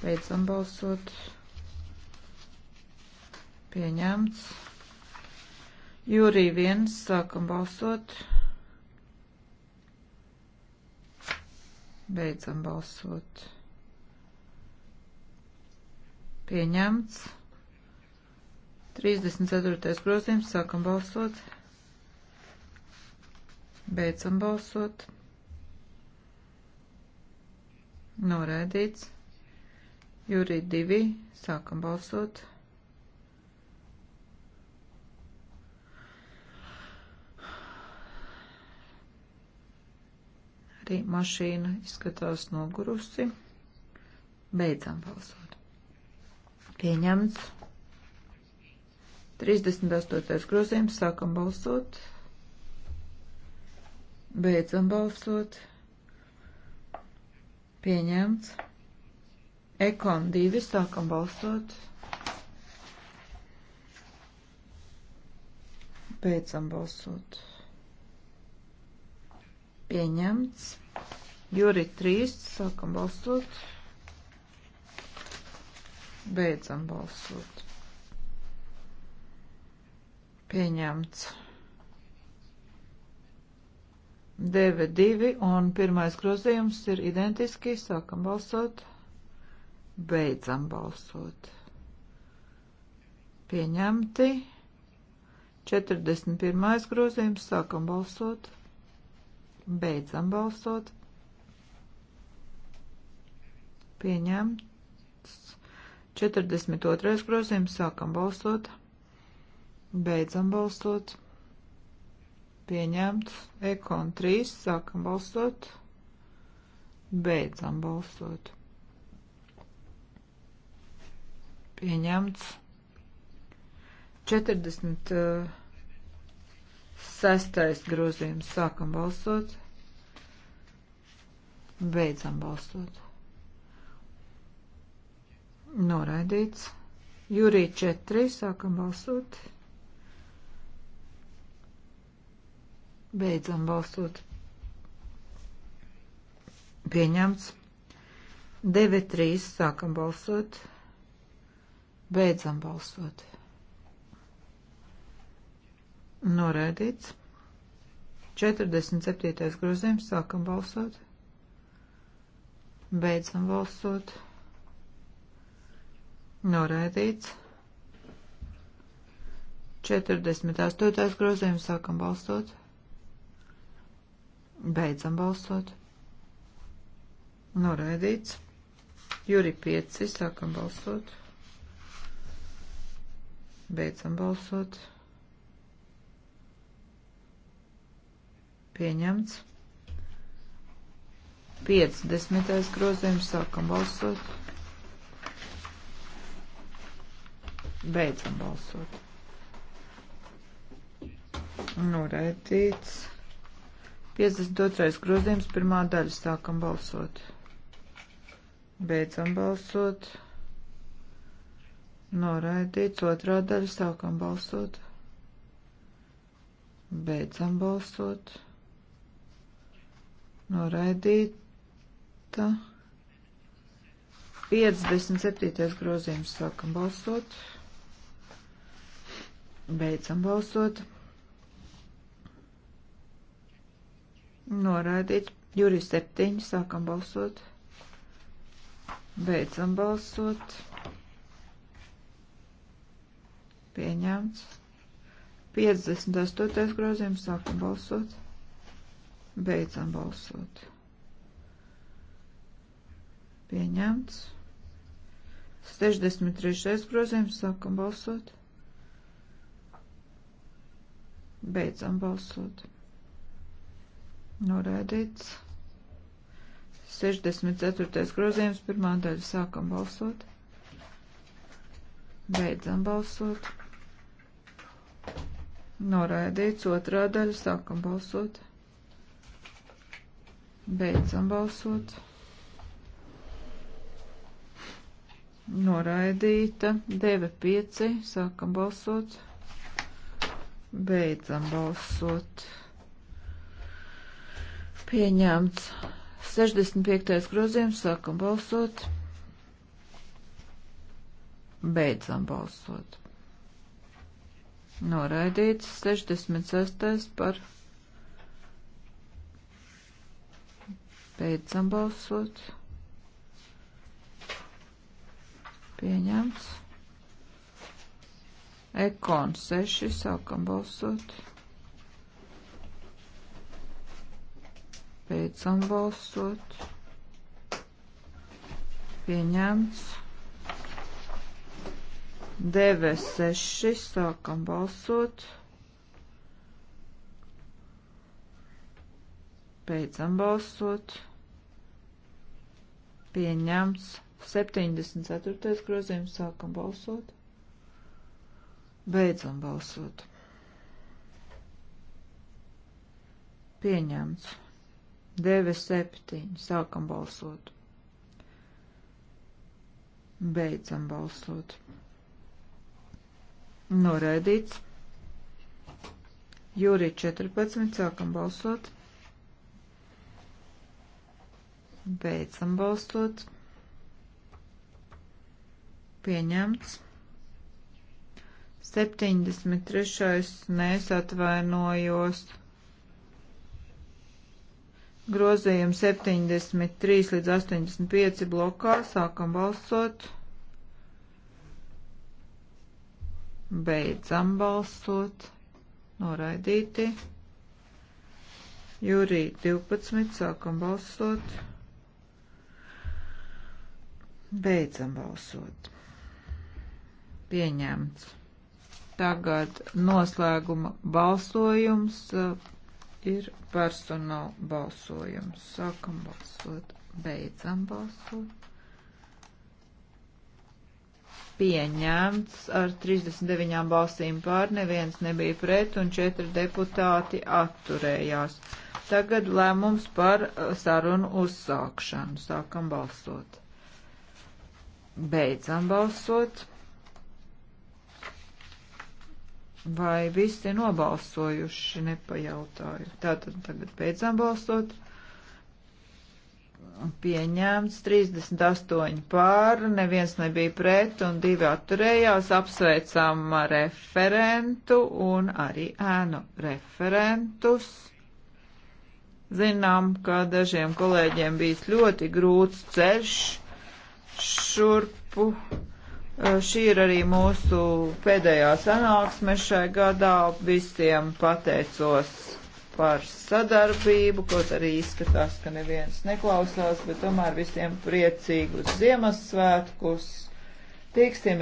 Beidzam balsot. Pieņemts. Jūrī viens. Sākam balsot. Beidzam balsot. Pieņemts. 34. grozījums. Sākam balsot. Beidzam balsot. Noraidīts. Jūrī divi. Sākam balsot. Arī mašīna izskatās nogurusi. Beidzām balsot. Pieņemts. 38. grozījums. Sākam balsot. Beidzam balsot. Pieņemts. Ekon 2 sākam balsot. Beidzam balsot. Pieņemts. Juri 3 sākam balsot. Beidzam balsot. Pieņemts. 9, 2 un pirmais grozījums ir identiski. Sākam balsot. Beidzam balsot. Pieņemti. 41. grozījums. Sākam balsot. Beidzam balsot. Pieņemts. 42. grozījums. Sākam balsot. Beidzam balsot. Pieņemts. Ekon 3. Sākam balsot. Beidzam balsot. pieņemts. 46. Uh, grozījums sākam balsot, beidzam balsot. Noraidīts. Jūrī 4 sākam balsot. Beidzam balsot. Pieņemts. 9-3 sākam balsot. Beidzam balsot. Noraidīts. 47. grozījums. Sākam balsot. Beidzam balsot. Noraidīts. 48. grozījums. Sākam balsot. Beidzam balsot. Noraidīts. Juri 5. Sākam balsot. Beidzam balsot. Pieņemts. 50. grozījums. Sākam balsot. Beidzam balsot. Noraidīts. 52. grozījums. Pirmā daļa. Sākam balsot. Beidzam balsot. Noraidīts otrā daļa, sākam balsot. Beidzam balsot. Noraidīta. 57. grozījums sākam balsot. Beidzam balsot. Noraidīts. Juris 7. sākam balsot. Beidzam balsot. Pieņemts. 58. grozījums. Sākam balsot. Beidzam balsot. Pieņemts. 63. grozījums. Sākam balsot. Beidzam balsot. Noraidīts. 64. grozījums. Pirmā daļa. Sākam balsot. Beidzam balsot. Noraidīts otrā daļa. Sākam balsot. Beidzam balsot. Noraidīta. 9-5. Sākam balsot. Beidzam balsot. Pieņemts. 65. grozījums. Sākam balsot. Beidzam balsot. Noraidīts 66. par beidzam balsot. Pieņemts. Ekon 6. Sākam balsot. Beidzam balsot. Pieņemts. DV6 sākam balsot. Beidzam balsot. Pieņemts 74. grozījums sākam balsot. Beidzam balsot. Pieņemts. 9-7. Sākam balsot. Beidzam balsot. Noraidīts. Jūrī 14. Sākam balsot. Beidzam balsot. Pieņemts. 73. Nēs atvainojos. Grozījumi 73 līdz 85 blokā. Sākam balsot. Beidzam balsot. Noraidīti. Jūrī 12. Sākam balsot. Beidzam balsot. Pieņemts. Tagad noslēguma balsojums eh, ir personāla balsojums. Sākam balsot. Beidzam balsot pieņemts ar 39 balsīm pār, neviens nebija pret un 4 deputāti atturējās. Tagad lēmums par uh, sarunu uzsākšanu. Sākam balsot. Beidzam balsot. Vai visi nobalsojuši, nepajautāju. Tātad tagad beidzam balsot pieņemts, 38 pār, neviens nebija pret un divi atturējās, apsveicām referentu un arī ēnu referentus. Zinām, ka dažiem kolēģiem bijis ļoti grūts ceļš šurpu. Šī ir arī mūsu pēdējā sanāksme šai gadā. Visiem pateicos par sadarbību, kaut arī izskatās, ka neviens neklausās, bet tomēr visiem priecīgus Ziemassvētkus. Tiksimies!